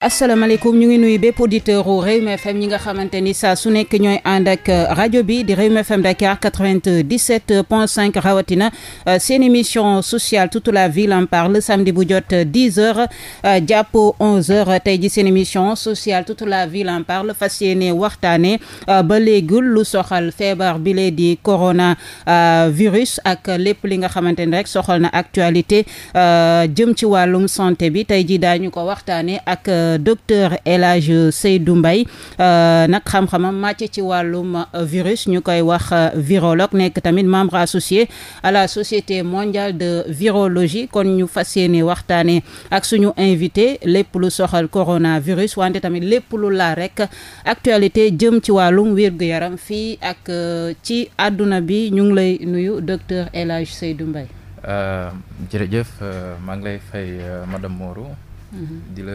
asalaamaaleykum ñu ngi nuy bépp auditeur u Rewmi FM ñi nga xamante ni saa su nekk ñooy ànd ak euh, rajo bi di Rewmi FM Dakar 97 point 5 rawatina euh, seen émission sociale toute la ville en parle samedi bu jot 10 euh, heures jàpp 11 heures tey ji seen émission sociale toute la ville en parle fas yéene waxtaane ba léegul lu soxal feebar bi di corona virus ak lépp li nga xamante ni rek soxal na actualité jëm ci wàllum santé bi tey ji daañu ko waxtaane ak docteur El Hadj Seydou Mbaye euh, nag xam-xamam màcc ci wàllum euh, virus ñu koy wax euh, virologue nekk tamit membre associé à la société mondiale de virologie kon ñu fas ni waxtaanee ak suñu invité lépp lu soxal coronavirus wante tamit lépp lu laal rek actualité jëm ci wàllum wér yaram fii ak ci adduna bi ñu ngi lay nuyu docteur El Hadj Seydou Mbaye jërëjëf maa ngi lay Mm-hmm. di la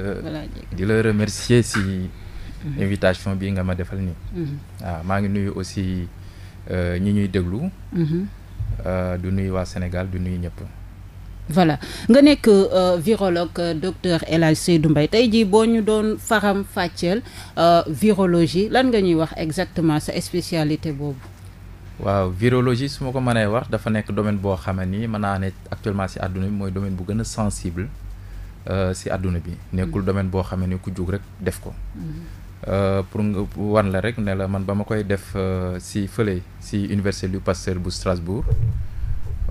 di la remercier si mm-hmm. invitation bi nga ma defal nii waaw mm-hmm. ah, maa ngi nuyu aussi euh, ñi ñuy déglu euh, du nuyu waa Sénégal du nuyu ñëpp voilà nga nekk euh, virologue docteur El Hadj du mbay tey jii boo ñu doon faram fàcceel virologie lan nga ñuy wax exactement sa spécialité boobu waaw virologie su ma ko mënee wax dafa nekk domaine boo xamee ni mën naa ne actuellement si àdduna yi mooy domaine bu gën a sensible Euh, si àdduna bi nekkul mm. domaine boo xamee ne ku jóg rek def ko mm-hmm. euh, pour nga wan la rek ne la man ba ma koy def euh, si fële si université Louis Pasteur bu Strasbourg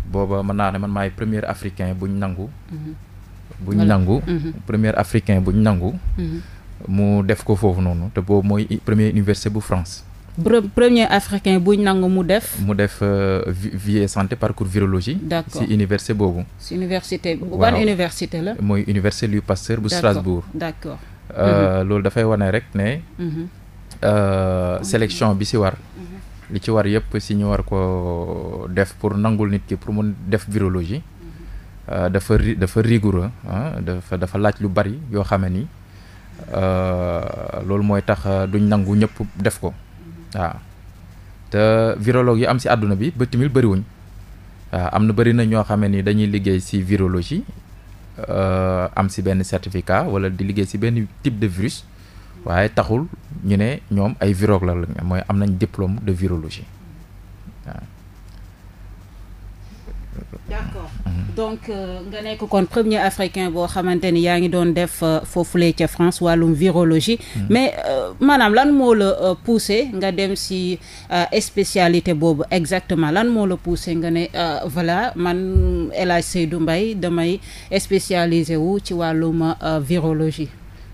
booba mën naa ne man maay première africain buñ nangu mm-hmm. buñ nangu mm-hmm. première africain buñ nangu mu def ko foofu noonu te boobu mooy premier université bu France premier africain buñ nangu mu def. mu def euh, vie santé parcours virologie. d'accord si université boobu. si université ban université la. mooy université Louis Pasteur bu Strasbourg. d'accord euh, mhm. loolu dafay wane rek ne. Mhm. Euh, mhm. sélection bi si war. li ci war yëpp si ñu war ko def pour nangul nit ki pour mu def virologie. dafa ri dafa rigoureux dafa dafa laaj lu bari yoo xam ne ni loolu mooy tax duñ nangu ñëpp def ko. waaw te virologue yi am si àdduna bi ba timil bëriwuñ waaw am na bëri na ñoo xam ni dañuy liggéey si virologie euh, am si benn certificat wala di liggéey si benn type de virus waaye taxul ñu ne ñoom ay virologue la mooy am nañ diplôme de virologie d' donc euh, nga nekk kon premier africain boo xamante ni yaa ngi doon def euh, foofulee ca France wàllum virologie. Mm. mais euh, maanaam lan moo la poussé nga dem si spécialité boobu exactement lan moo la poussé nga ne voilà man El Hadj Seydou Mbaye damay spécialisé wu ci wàllum virologie.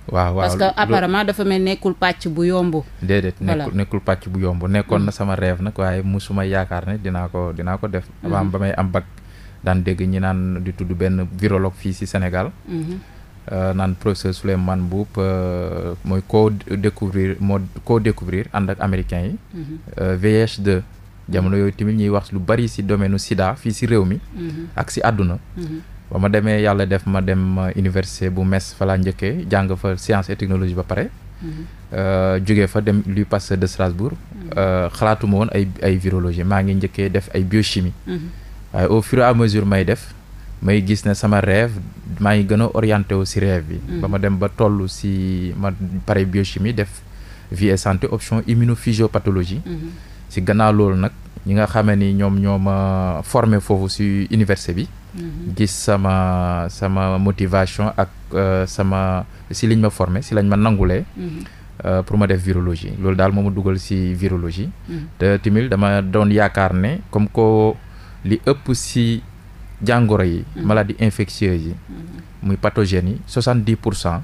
waaw waaw parce que apparemment dafa mel nekkul pàcc bu yomb. déedéet nekkul nekkul pàcc bu yomb nekkoon na mm. sama rêve nag waaye musuma yaakaar ne dinaa ko dinaa ko def. Mm. avant may am bac. daan dégg ñi naan di tudd benn virologue fii ci Sénégal. Mhm. Euh, naan professeur Souleymane Mboup euh, mooy koo découvrir moo koo découvrir ànd ak américain yi. vih mhm. euh, jamono yooyu tamit ñuy wax lu bari ci domaine nu Sida fii ci réew mi. Mhm. ak ci àdduna. ba ma demee yàlla def ma dem université bu Metz fa laa njëkkee jàng fa science et technologie ba pare. jóge fa dem Louis Pasteur de Strasbourg. xalaatuma woon ay ay virologie maa ngi njëkkee def ay biochimie. waaye au fur et à mesure may def may gis ne sama rêve maa ngi gën a orienté wu si rêve bi. Mm. ba ma dem ba toll si ma pare biochimie def vie et santé option immunophysiopathologie. Mm-hmm. si gannaaw loolu nag ñi nga xamee ni ñoom ñoo ma formé foofu si université bi. Mm-hmm. gis sama sama motivation ak euh, sama si liñ ma formé si lañ ma nangulee. Mm-hmm. Euh, pour ma def virologie loolu daal moo ma dugal ci virologie. te timil dama doon yaakaar ne comme ko li ëpp si jàngoro yi mm-hmm. maladie infectieuse yi mm-hmm. muy pathogènes yi soixante dix pour cent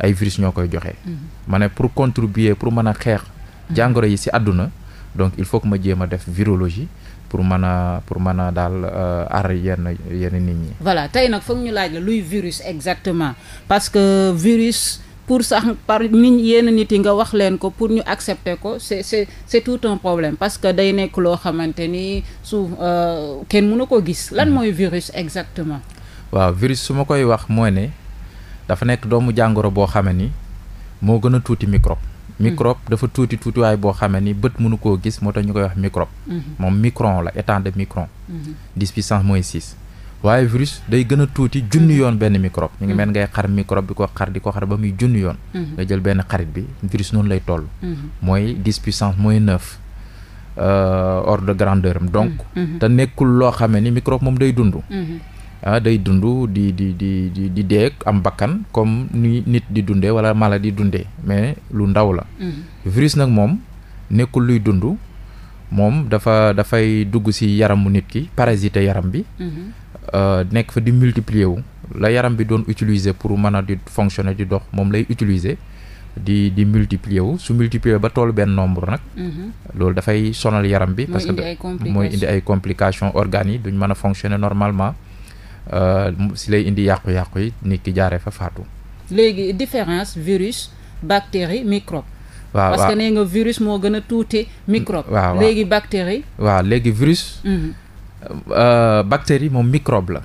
ay virus ñoo koy joxe. Mm-hmm. ma pour contribuer pour mën a xeex jàngoro yi si adduna donc il faut que ma jéem a def virologie pour mën a pour mën a daal euh, aar yenn yenn nit ñi voilà tey nag foog ñu laaj la luy virus exactement parce que virus pour sax par nit yenn nit yi nga wax leen ko pour ñu accepter ko c'est c'est c'est tout un problème parce que day nekk loo xamante ni su euh, kenn mënu ko gis lan mooy virus exactement waaw virus su ma koy wax mooy ne dafa nekk doomu jàngoro boo xame ni moo gën a tuuti microbe hmm. microbe dafa tuuti tuutiwaay boo xamee ni bët mënu koo gis moo tax ñu koy wax microbe hmm. moom micron la étant de micron hmm. dix puissance moins six waaye virus day gën a tuuti junni mm-hmm. yoon benn microbe ñu ngi mm-hmm. mel ngay xar microbe bi ko xar di ko xar ba muy junni yoon mm-hmm. nga jël benn xarit bi virus noonu lay toll mooy dix puissance mooy neuf euh, ordre de grandeur am donc te nekkul loo xamee ni microbe moom day dund ah, day dund di di di di di dee am bakkan comme nit di dundee wala mala di dundee mais lu ndaw la virus nag moom nekkul luy dund moom dafa dafay dugg ci yaramu nit ki parasiter yaram bi Euh, nekk fa di multiplier wu la yaram bi doon utiliser pour man a di fonctionner di dox moom lay utiliser di di multiplier wu su multiplier ba toolu benn nombre nag. Mhm. loolu dafay sonal yaram bi. parce que mooy indi ay complications organes yi duñ mën a fonctionner normalement euh, si lay indi yàqu-yàqu yi nit ki jaaree fa faatu. léegi différence virus bactérie microbe. waaw parce que nee nga virus moo gën a tuuti microbe. waaw léegi bactérie. waaw léegi virus. Mhm. Euh, bactérie moom microbe la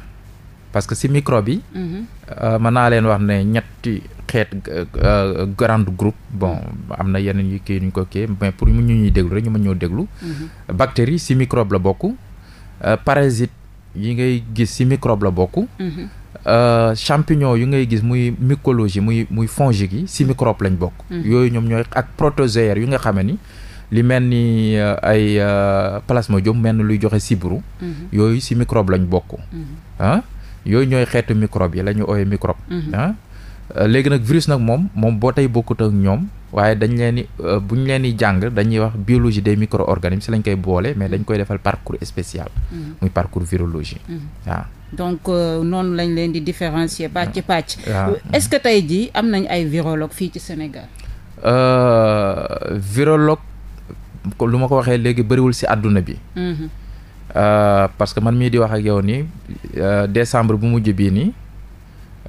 parce que si microbe yi. Mhm. Euh, mën naa leen wax ne ñetti xeet euh, grand groupe bon am na yeneen yu kii ñu ko kii mais pour ñu ñuy déglu rek ñu ma ñoo déglu. Mhm. bactérie si microbe la bokk. parasite yi ngay gis si microbe la bokk. Mhm. champignon yu ngay gis muy mycologie muy muy fongique yi si microbe lañ bokk. yooyu ñoom ñooy ak protozoaire yu nga xam ni. li mel ni euh, ay euh, plasmodium mel ni luy joxe sibru mhm. yooyu si microbe lañ bokk mhm. ah yooyu ñooy xeetu microbe yi lañu ñu ooyee microbe mhm. ah? euh, léegi nag virus nag moom moom boo tey bokkut ak ñoom waaye dañ leen di bu leen di jàng dañuy wax biologie des micro-organismes si lañ koy boole mais dañ koy defal parcours spécial muy parcours virologie waaw ah. donc noonu lañ leen di différencier pàcc ah. pàcc est-ce que tey jii am nañ ay virologue fii ci Sénégal virologue lu ma ko waxee léegi bëriwul si àdduna bi. Mm-hmm. Euh, parce que man mii di wax ak yow nii euh, décembre bu mujj bii nii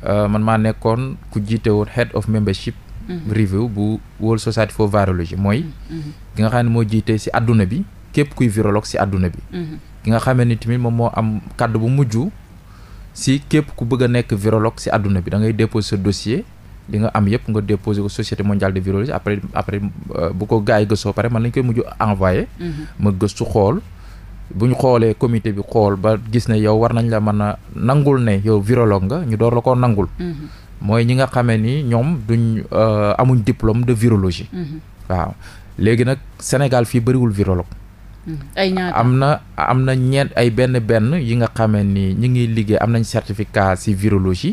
euh, man maa nekkoon ku jiite woon head of membership. Mm-hmm. review bu World Society for Virology mooy. Mm-hmm. ki nga xam ne moo jiite si àdduna bi képp kuy virologue si àdduna bi. ki nga xamee ni tamit moom moo am kàddu bu mujj si képp ku bëgg a nekk virologue si àdduna bi da ngay déposer sa dossier. li nga am yëpp nga déposé ko société mondial de virologie après après euh, bu ko gars yi gëstoo pare man lañ koy mujj envoyé. Mhm. ma gëstu xool. bu ñu xoolee commité bi xool ba gis ne yow war nañ la mën a nangul ne yow virologue nga ñu door la ko nangul. Mhm. mooy ñi nga xamee ni ñoom duñ euh, amuñ diplôme de virologie. Mhm. waaw léegi nag Sénégal fii bëriwul virologue. ay am na am na ñeent ay benn benn yi nga xamee ni ñi ngi liggéey am nañ certificat ci virologie.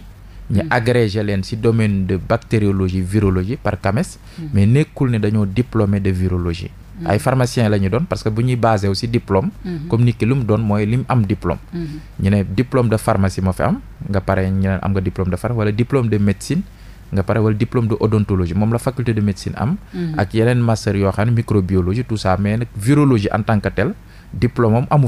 ñu agrégé leen ci domaine de bactériologie virologie par CAMES mm. mais nekkul ne dañoo diplômé de virologie mm. ay pharmacien la ñu doon parce que bu ñuy basé aussi diplôme mm-hmm. comme nit ki lu mu doon mooy li mu am diplôme mm-hmm. ñu ne diplôme de pharmacie moo fi am nga pare ñu ne am nga diplôme de pharmacie wala diplôme de médecine nga pare wala diplôme de odontologie moom la faculté de médecine am mm-hmm. ak yeneen master yoo xam ne microbiologie tout ça mais nag virologie que tel diplôme am amu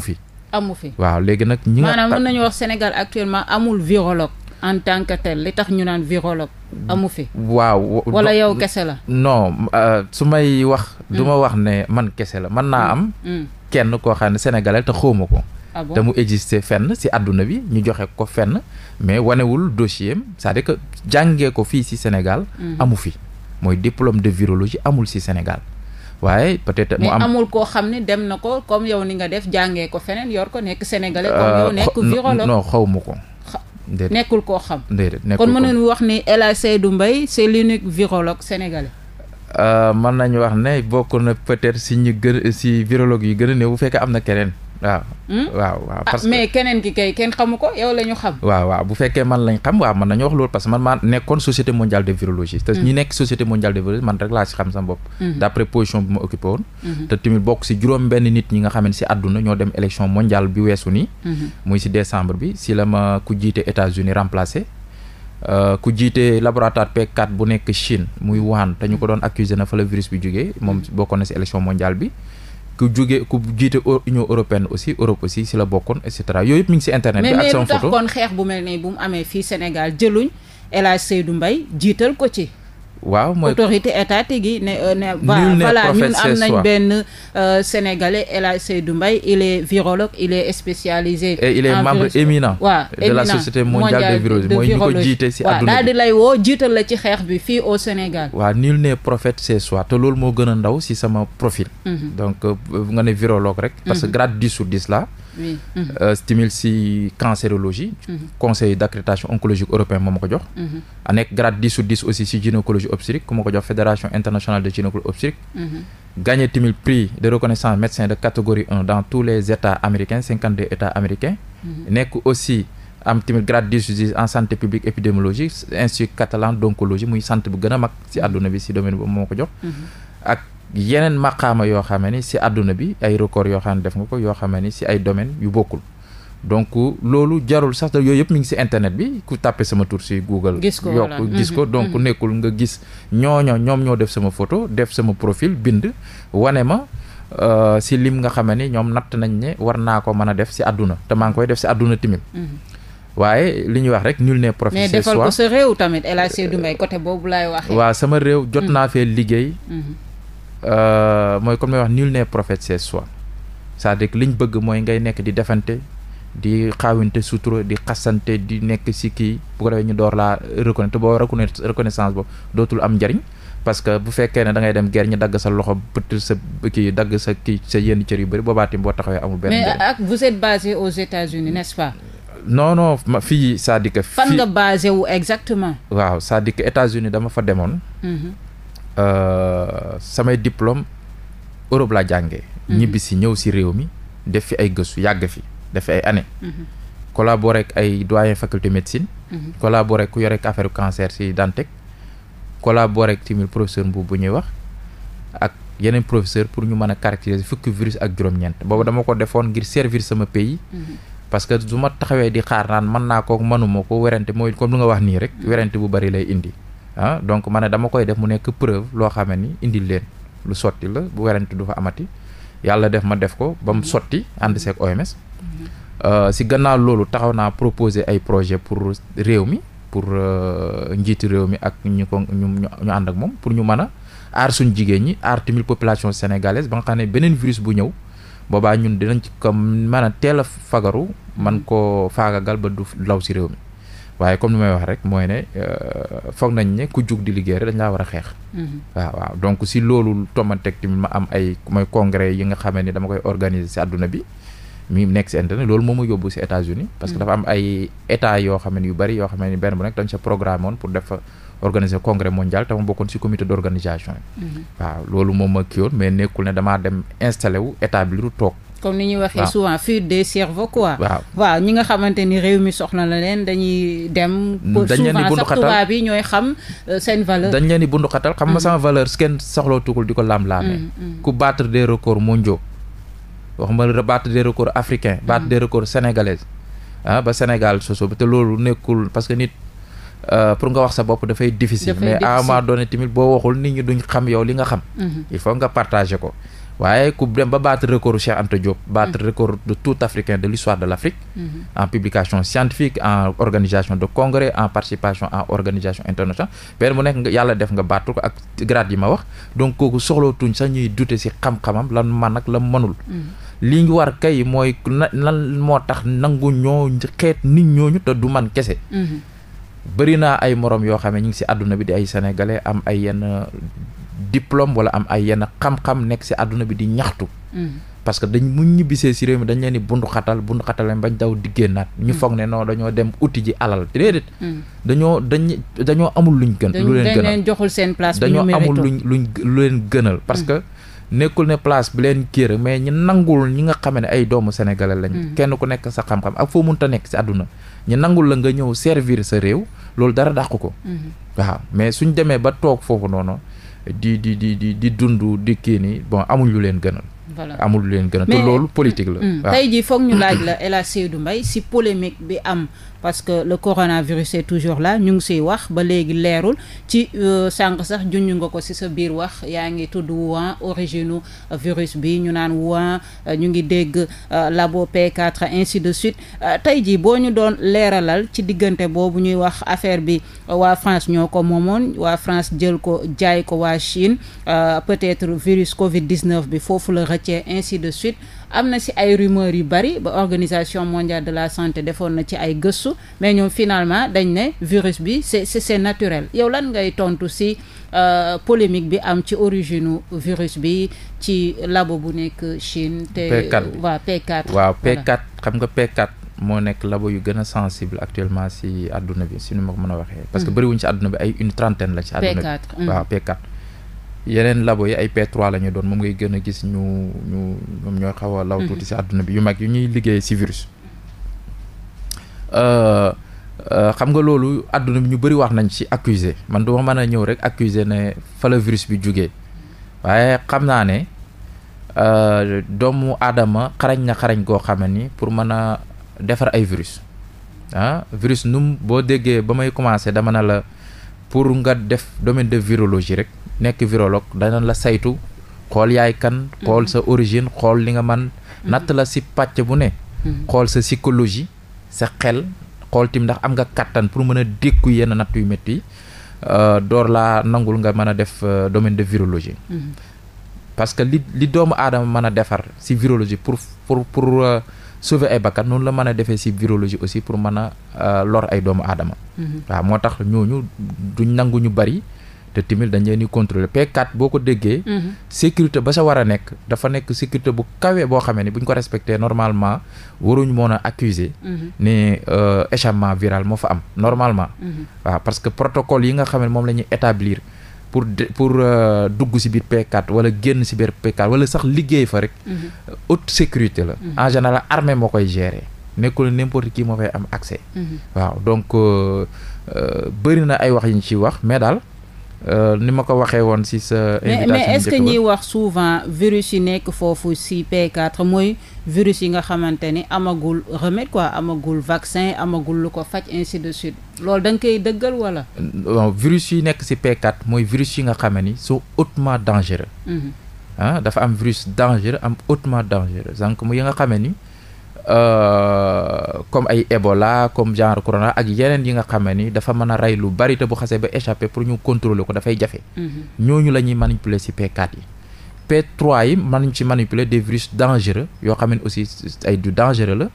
en tant que tel li tax ñu naan virologue amu fi. waaw wala yow kese la. non euh, su may wax. Mm. du ma wax ne man kese la mën naa mm. am. Mm. kenn koo xam ne sénégalais te xawma ko. Ah bon? te mu existé fenn si àdduna bi ñu joxe ko fenn mais wanewul dossier am cest à que jàngee ko fii si Sénégal. amu fi mooy diplôme de virologie amul si Sénégal waaye peut-être. mu am amul koo xam ne dem na ko comme yow ni nga def jàngee ko feneen yor ko nekk sénégalais. comme yow nekk euh, virologue non xaw ma ko. nekkul koo xam. kon mën nañu wax ni El Hadj Seydou Mbaye c' est l' unique virologue sénégalais. Euh, mën nañu wax ne bokk na peut-être si ñu gën si virologue yi gën a néew bu fekkee am na keneen. Hmm? waaw. waaw waaw ah, parce que mais keneen ki kay kenn xamu ko yow la ñu xam. waaw waaw bu fekkee man lañ xam waaw man nañu wax loolu parce que man maa nekkoon société mondiale de virologie. te hmm. ñi nekk société mondiale de virologie man rek laa si xam sama bopp. Hmm. d'après position bokk si juróom benn nit ñi nga xam si àdduna ñoo dem élection mondiale bi weesu nii. muy si décembre bi si la ku jiite États-Unis remplacé. Euh, ku jiite laboratoire p bu nekk Chine muy Wuhan te ko doon accusé na fa la virus bi jógee moom bokkoon na si élection mondiale bi. ku jóge ku jiite Union européenne aussi Europe aussi si la bokkoon et cetera yooyu yëpp mi ngi si internet bi ak sama photo mais mais lu tax kon xeex bu mel ne bu mu amee fii Sénégal jëluñ El Hadj Seydou mbay jiital ko ci waaw mooy autorité gi yi ne euh, ne voilà ñun am nañ benn euh, sénégalais il est virologue il est spécialisé et mooy ñu ko jiite si àdduna lay woo jiital la ci xeex bi fii au Sénégal waaw nul n'est prophète chez soi te loolu moo gën a ndaw si sama profil mhm. donc euh, nga ne virologue rek parce que mhm. grade dix sur dix la oui. Euh, stimule si cancérologie. Mhm. conseil d' accréditation oncologique européen moo ma ko jox. Mhm. a nekk grade dix sur dix aussi si gynécologie obstétrique ku ma ko jox fédération internationale de gynécologie obstétrique. Mhm. gagné timil prix de reconnaissance médecin de catégorie un dans tous les états américains cinquante deux états américains. nekk aussi. am tamit grade dix sur dix en santé publique épidémiologie institut catalan d'oncologie muy centre bu gën a mag ci àdduna bi ci domaine boobu moo ko jox yeneen maqaama yoo xam ne si àdduna bi ay record yoo xam ne def nga ko yoo xam ne si ay domaine yu bokkul donc loolu jarul sax yooyu yëpp mi ngi si internet bi ku tàppe sama tur si Google yokk gis ko mhm. donc mhm. nekkul nga gis ñooño ñoom ñoo def sama photo def sama profil bind wane ma Uh, si lim nga xam ne ñoom natt nañ ne war naa ko mën a def si àdduna te maa ngi koy def si àdduna timit mm -hmm. waaye li ñuy wax rek nul n'est prophète mais defal ko sa sama réew jot mhm. naa fee liggéey. Euh, mooy comme may wax nul n'est prophète chez soi c'est-à-dire que liñ bëgg mooy ngay nekk di defante di xaawinte sutura di xasante di nekk si kii bu ko ñu door laa reconnaître boo reconnaissance boobu dootul am njariñ parce que bu fekkee ne da ngay dem guerre ñu dagg sa loxo bëtt sa kii dagg sa kii sa yenn cër yu bëri boobaa tamit boo taxawee amul benn mais ak vous êtes basé aux États-Unis nest pas non ma fii sa à fan nga basé wu exactement waaw sa à dire que États-Unis dama fa demoon mm-hmm. Euh, samay diplôme Europe laa jànge mhm. ñibbi si ñëw si réew mi def fi ay gëstu yàgg fi def fi ay années. Mhm. collaboré ak ay doyen faculté médecine. Mhm. collaboré ku yore ak affaire cancer si Dantec. collaboré ak tamit professeur Mbow bu ñuy wax ak yeneen professeur pour ñu mën a caractériser fukki virus ak juróom-ñeent boobu dama ko defoon ngir servir sama pays. parce que su ma taxawee di xaar naan mën naa ko mënuma ko werante mooy kon lu nga wax nii rek werante bu bari lay indi. ah donc ma ne dama koy def mu nekk preuve loo xam ni indil leen lu sotti la bu werante du fa amati yàlla def ma def ko ba mu sotti ànd seeg OMS euh, si gannaaw loolu taxaw naa proposer ay projet pour réew mi pour euh, njiitu réew mi ak ñi ko ñu ñu ànd ak moom pour ñu mën a aar suñ jigéen ñi aar tamit population sénégalaise ba nga xam ne beneen virus bu ñëw boobaa ñun dinañ ci ko mën a teel a fagaru man koo faagagal ba du law si réew mi waaye comme ni may wax rek mooy ne euh, foog nañ ne ku jug di liggéey rek dañ laa war a xeex. Mhm. waaw waaw donc si loolu tomanteeg ma am ay mooy congrès yi nga xamee ni dama koy organiser si àdduna bi. mi nekk si internet loolu moo ma yóbbu si États-Unis parce que mhm. yu bari yoo xam ne benn bu nekk dañ sa programme woon pour def organiser congrès mondial te ma bokkoon si comité d' organisation yi. Mhm. waaw loolu moom ma kii woon mais nekkul ne damaa dem installé wu toog. comme ni ñuy waxee souvent fuite de cerveaux quoi waaw waaw ñi nga xamante ni réew mi soxla na leen dañuy dem souvent sax tubaab yi ñooy xam euh, seen valeur dañ leen di bundu xatal xam nga mm. sama valeur kenn soxlootukul di ko laam-laamee mm, mm. ku battre des records mondiaux wax ma battre des records africain battre de records sénégalais ah ba Sénégal soso te loolu nekkul parce que nit Uh, pour nga wax sa bopp dafay difficile mais à un moment boo waxul nit ñi duñ xam yow li nga xam mm-hmm. il nga partager ko waaye ku ba baat record Cheikh Anta Diop battre mm. record de tout Africain de l'histoire de l'Afrique mm-hmm. en publication scientifique en organisation de congrès en participation en organisation internationale benn bu nekk nga yàlla def nga baatu ko ak grade yi ma wax donc kooku soxlootuñ sax ñuy dute ci xam-xamam lan man ak la manul mm-hmm. li ngi war kay mooy na lan moo tax nangu ñoo xeet nit ñooñu te du man kese mm-hmm. bëri naa ay moroom yoo xam ne ñu ngi si àdduna bi di ay sénégalais am ay yenn diplôme wala am ay yenn xam-xam nekk si àdduna bi di ñaxtu. Mm. parce que dañ mu ñibbisee si réew mi dañ leen di bundu xatal bundu xatal lañ bañ daw diggee naat ñu mm. foog ne non dañoo dem uti ji alal déedéet. Mm. dañoo dañ dañoo amul lu leen gënal dañ leen joxul seen place. dañoo amul luñ luñ lu leen gënal parce que. nekkul ne place bi leen kii mais ñi nangul ñi nga xam ne ay doomu sénégalais lañ. kenn ku nekk sa xam-xam ak foo mënta nekk si àdduna. ñu nangul la nga ñëw servir sa réew loolu dara dàq ko. Mm-hmm. waaw mais suñ demee ba toog foofu noonu. di di di di di dund di kii ni bon amuñu lu leen gënal. voilà amul lu leen gënal te loolu politique la. Mm. waaw jii foog ñu laaj la El du mbay Mbaye si polémique bi am. parce que le coronavirus est toujours la ñu ngi siy wax ba léegi leerul ci euh, sànq sax junj nga ko si sa biir wax yaa ngi tudd Wuhan origine euh, virus bi ñu naan Wuhan euh, ñu ngi dégg labo P4 ainsi de suite tey jii boo ñu doon leeralal ci diggante boobu ñuy wax affaire bi waa France ñoo ko moomoon waa France jël ko jaay ko waa Chine peut-être virus Covid 19 bi foofu la rëccee ainsi de suite. am na si ay rumeurs yu bari ba organisation mondiale de la santé defoon na ci ay gëstu mais ñoom finalement dañ ne virus bi c'est c'est naturel yow lan ngay tontu si euh, polémique bi am ci origine virus bi ci labo bu nekk Chine. te waaw P4. waaw P4 xam nga P4. moo nekk labo yu gën a sensible actuellement si àdduna bi si nu ma ko mën a waxee. parce que mm. bëriwuñ si àdduna bi ay une trentaine la. ci àdduna bi mm. waaw p yeneen labo yi ay P3 la ñu doon moom ngay gën a gis ñu ñu ñoom ñoo xaw a law mm-hmm. tuuti si àdduna bi yu mag yu ñuy liggéey si virus euh, euh, xam nga loolu àdduna bi ñu bëri wax nañ si accusé man duma mën a ñëw rek accusé ne fa la virus bi jugee waaye xam naa ne euh, doomu aadama xarañ na xarañ goo xam ni pour mën a defar ay virus ah virus num boo déggee ba may commencé dama na la pour nga def domaine de virologie rek nekk virologue danañ la saytu xool yaay kan xool sa origine xool li nga man natt la si pàcc bu ne xool sa psychologie sa xel xool tim ndax am nga kàttan pour mën a dékku yenn natt yu métti yi euh, door laa nangul nga mën a def euh, domaine de virologie parce que li li doomu aadama mën a defar si virologie pour pour pour euh, sauver ay bakkan noonu la mën a defee si virologie aussi pour mën a lor ay doomu aadama mhm. waaw moo tax ñooñu duñ nangu ñu bari te tamit dañ leen di contrôler P4 boo ko déggee. Mhm. sécurité ba sa war a nekk dafa nekk sécurité bu kawee boo xamee ni bu ñu ko respecté normalement waruñ mën a accuser mhm. ni euh, échappement viral moo fa am normalement. Mhm. waa parce que protocole yi nga xam ne moom lañuy ñuy établir pour pour euh, dugg si biir P4 wala génn si biir P4 wala sax liggéey fa rek. haute sécurité la. en général armée moo koy gérer. nekkul n'importe kii moo fay am accès. waaw donc euh, bëri na ay wax yi ñu ciy wax mais daal. Euh, ni ma ko waxee woon si sa. invitation mais est-ce que ñuy wax souvent virus yi nekk foofu si P4 mooy virus yi nga xamante ni amagul remède quoi amagul vaccin amagul lu ko faj ainsi de suite loolu da nga koy dëggal wala. virus yi nekk si P4 mooy virus yi nga xamee ni sont hautement dangereux. Mhm. ah dafa am virus dangereux am hautement dangereux donc yi nga xamee ni. Euh, comme ay Ebola comme genre corona ak yeneen yi nga xam ni dafa mën a rey lu bari te bu xasee ba échappé pour ñu contrôler ko dafay jafe. Mhm. ñooñu la ñuy manipuler ci p yi. P3 yi mën nañ ci manipuler des virus dangereux yoo xam ne aussi ay du dangereux la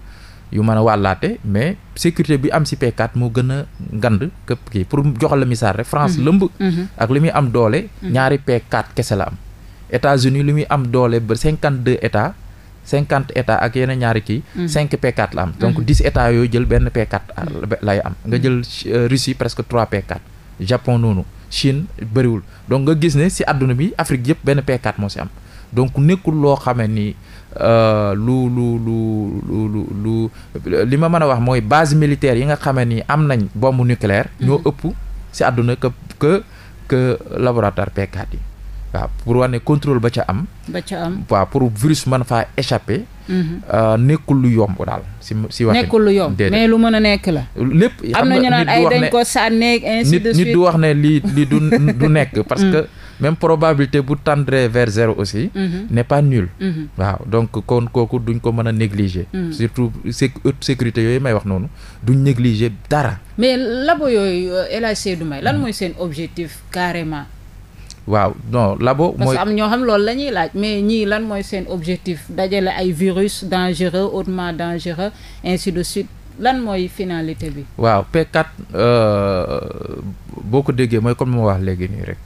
yu mën a wàllaate mais sécurité bi am ci p moo gën a ngand këpp kii pour joxal la misaal rek. France mhm. lëmb. Mhm. ak lu muy am doole. ñaari p kese la am. États-Unis li muy am doole ba cinquante deu états. cinquante états ak yeneen ñaari kii. Mm-hmm. cinq P4 la am. donc mm-hmm. dix états yooyu jël benn p mm-hmm. lay am nga jël euh, Russie presque trois P4 Japon noonu Chine bëriwul donc nga gis ne si àdduna bi Afrique yëpp benn p moo si am donc nekkul loo xamee ni. Euh, lu lu lu lu lu li ma mën a wax mooy base militaire yi nga xame ni am nañ bombe nucléaire ñoo ëpp ci àdduna que que que laboratoire p yi waaw pour wane contrôle ba ca am. ba ca am waaw pour virus mën faa échapper. Mhm. Euh, nekkul lu yomb daal si si nekkul lu yomb mais lu mën a nekk la. lépp am na ñu naan ay dañ ko sànneeg ainsi nit du wax ne lii du nekk. parce mm. que même probabilité bu tendre vers zéro aussi. Mhm. n'est pas nulle. Mhm. waaw donc kon kooku duñ ko mën a négliger. Mm. surtout sécurité yooyu may wax noonu duñ négliger dara. mais labo yooyu euh, El Hadj Seydou lan mm. mooy seen objectif carrément. waaw non labo. mooy parce que am ñoo xam loolu lañuy laaj mais ñii lan mooy seen objectif dajale ay virus dangereux hautement dangereux ainsi de suite lan mooy finalité bi. waaw P4 euh, boo ko déggee mooy comme ma wax léegi nii rek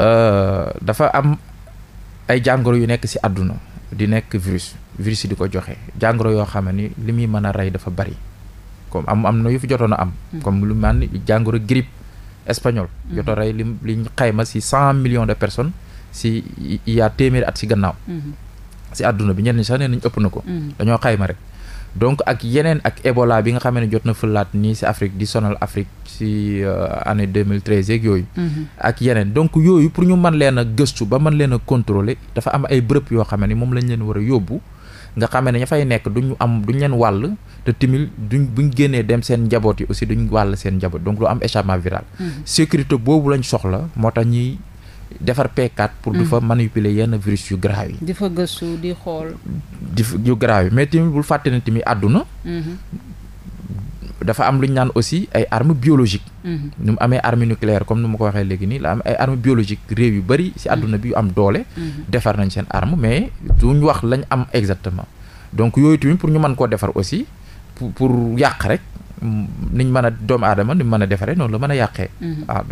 euh, dafa am ay jàngoro yu nekk ci àdduna di nekk virus virus yi di ko joxe jàngoro yoo xam ni li muy mën a rey dafa bari comme am am na yu fi jotoon am. Hmm. comme lu man jàngoro grippe. espagnol. Mm-hmm. jot a rey li liñ xayma si cent millions de personnes si yaa téeméeri at si gannaaw. Mm-hmm. si àdduna bi ñenn ñi sax nee nañ ëpp na ko. Mm-hmm. dañoo xayma rek. donc ak yeneen ak Ebola bi nga xamee ne jot na fëlaat nii si Afrique di sonal Afrique si euh, année 2013 yeeg yooyu. ak yeneen donc yooyu pour ñu mën leen gëstu ba mën leen a dafa am ay bërëb yoo xam ne moom lañ leen war a yóbbu. nga xamee ne ña fay nekk duñu am duñ leen wàll te timil duñ buñ génnee dem seen njaboot yi aussi duñ wàll seen njaboot donc lu am échappement viral mm-hmm. sécurité boobu lañ soxla moo tax ñuy defar p pour du fa mm-hmm. manipuler yenn virus yu graaw yi di fa gëstu di xool di yu graaw yi mais tamit bul fàtte ne tamit àdduna mm-hmm. dafa am lu ñu naan aussi ay armes biologiques. Mhm. nu mu amee arme nucléaire comme nu ma ko waxee léegi nii la am ay armes biologiques réew yu bëri si àdduna bi yu am doole. Mhm. defar nañ seen arme mais ñu wax lañ am exactement donc yooyu tamit pour ñu mën koo defar aussi pour pour yàq rek. niñ mën a doomu aadama ni mën a defaree noonu la mën a yàqee. Mhm. Ah,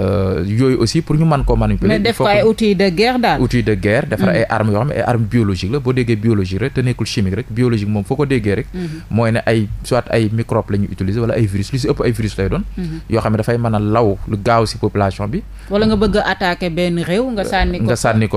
euh, yooyu aussi pour ñu mën koo manipuler. mais def ko ay outil de guerre daal. outil de guerre defar mhm. ay armes yoo xam ne ay armes biologiques la boo déggee biologique rek te nekkul chimique rek biologique moom foo ko déggee rek. Mhm. mooy ne ay soit ay microbe la ñuy utiliser wala ay virus lu si ëpp ay virus lay doon. yoo xam ne dafay mën a law lu gaaw si population bi. wala nga bëgg a attaquer benn réew nga euh, sànni ko nga sànni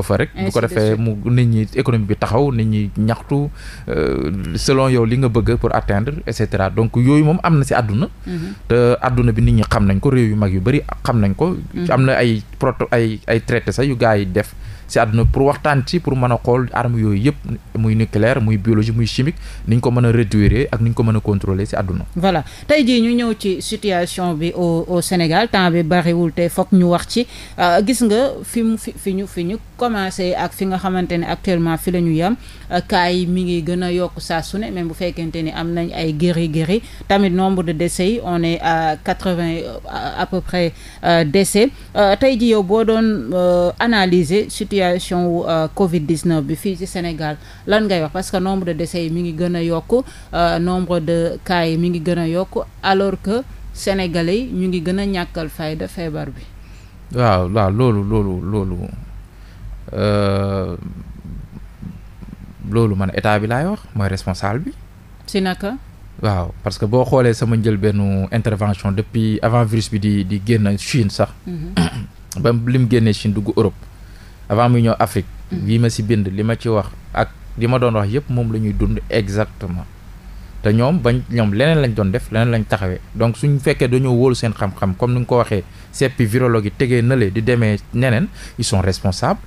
ko yooyu moom am na si àdduna mhm. te àdduna bi nit ñi xam nañ ko réew yu mag yu bëri xam nañ ko mhm. am na ay proto ay ay traité sax yu gaa yi def si àdduna pour waxtaan ci pour mën a xool armes yooyu yëpp muy nucléaire muy biologie muy chimique ni ñu ko mën a réduire ak ni ñu ko mën a contrôler si àdduna voilà tey jii ñu ñëw ci situation bi au Sénégal temps bariwul te foog ñu wax ci euh, gis nga fi mu fi fi ñu fi ñu commencé ak fi nga xamante ne actuellement fi lañu ñu yem euh, cas yi mi ngi gën a yokk saa su ne même bu fekkente ni am nañ ay guéri guéri tamit nombre de décès yi on est à quatre-vingts euh, à peu près décès tey jii yow boo situation wu euh, Covid 19 bi fii ci Sénégal lan ngay wax parce que nombre de décès yi mi ngi gën a yokku euh, nombre de cas yi mi ngi gën a yokku alors que sénégalais yi ñu ngi gën a ñàkkal fayda feebar bi. waaw waaw loolu loolu loolu euh, loolu man état bi laay wax mooy responsable bi. si naka. waaw parce que boo xoolee sama njël benn intervention depuis avant virus bi di di génn Chine sax. Mhm. ba li mu génnee Chine dugg Europe. avant muy ñoo Afrique. bii mm. ma si bind li ma ci wax ak li ma doon wax yëpp moom la ñuy dund exactement. te ñoom bañ ñoom leneen lañ doon def leneen lañ taxawee donc suñ fekkee dañoo wóolu seen xam-xam comme ni nga ko waxee seppi virologue yi tegee na lee di demee neneen ils sont responsables.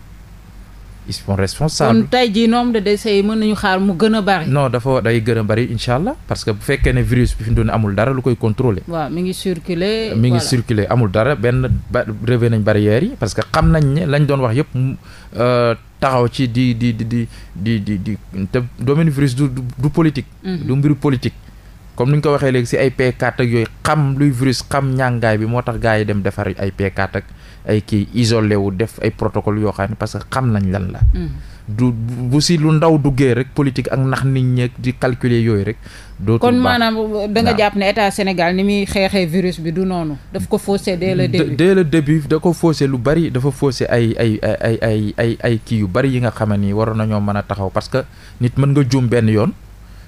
ils sont responsables. kon tey jii nombre de décès yi mën nañu xaar mu gën a bari. non dafa day gën a bari incha allah parce que bu fekkee ne virus bi fi mu doon amul dara lu koy contrôler waaw mi ngi circuler mi ngi circuler amul dara benn ba reve nañ barrières yi parce que xam nañ ne lañ doon wax yëpp euh, taxaw ci di di di di di di di te domaine virus du du politique. Mhm. du mbiru politique. comme ni ñu ko waxee léegi si ay p ak yooyu xam luy virus xam ñàngaay bi moo tax gars yi dem defar ay P4 ay kii isolé wu def ay protocole yoo xam ne parce que xam nañ lan la. Mm. du bu si lu ndaw duggee rek politique ak nax nit ñi di calculer yooyu rek. dootul kon maanaam euh, da nga jàpp ne état Sénégal ni muy xeexee virus bi du noonu. daf ko foose dès le début dès le début da ko faussé lu bari dafa faussé ay ay ay ay ay kii yu bari yi nga xama nii waroon nañoo mën a taxaw parce que nit mën nga juum benn yoon.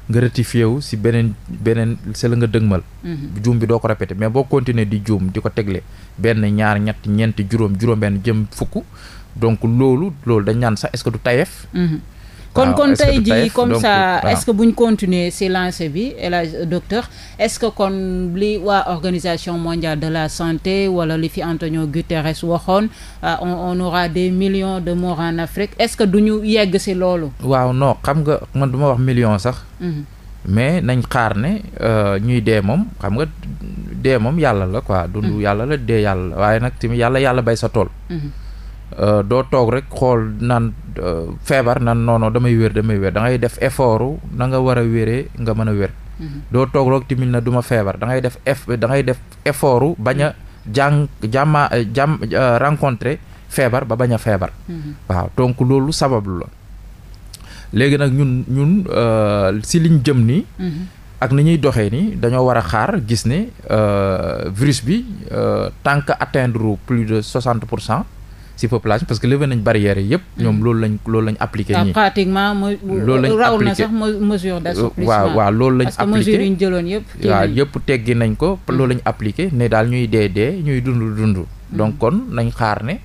nga rectifié wu si beneen beneen sa la nga dëgmal. Mhm. jum bi doo ko répété mais boo continuer di juum di ko tegle benn ñaar ñett ñeent juróom juróom benn jëm fukk donc loolu loolu dañ naan sax est-ce que du tayeef. Mhm. kon kon tey jii comme donc, est ce que buñ continuer si lancé bi El Hadj docteur est ce que kon li waa organisation mondiale de la santé wala li fi Antonio Guterres waxoon euh, on on aura des millions de morts en Afrique est ce que duñu yegg si loolu. waaw no xam nga man duma wax million sax. Mhm. mais nañ xaar ne euh, ñuy dee moom xam nga dee moom yàlla la quoi. dundu mhm. yàlla la dee yàlla la waaye nag tamit yàlla yàlla bay sa tool. Mhm. Euh, doo toog rek xool naan euh, feebar naan noono damay wér damay wér da ngay def effort na nga war a wéree nga mën a wér mhm. doo toog roog timit na duma feebar dangay def eff da ngay def effort bañ a jàng jàmma euh, jàmm rencontré feebar ba bañ a feebar mhm. waaw donc loolu sabablu la léegi nag ñun ñun si liñ jëm ni mhm. ak ni ñuy doxee ni dañoo war a xaar gis ne virus bi tant que atteindre plus de soixante pour cent si population parce que levé nañ barrières yi ñoom mm. loolu lañ loolu lañ appliqué ñii pratiquement loolu lañ raw na sax mesure d'assouplissement waaw waaw loolu lañ appliqué jëloon yëpp waaw yëpp teggi nañ ko mm. loolu lañ appliqué ne daal ñuy dee dee ñuy dund dund mm. donc kon nañ xaar ne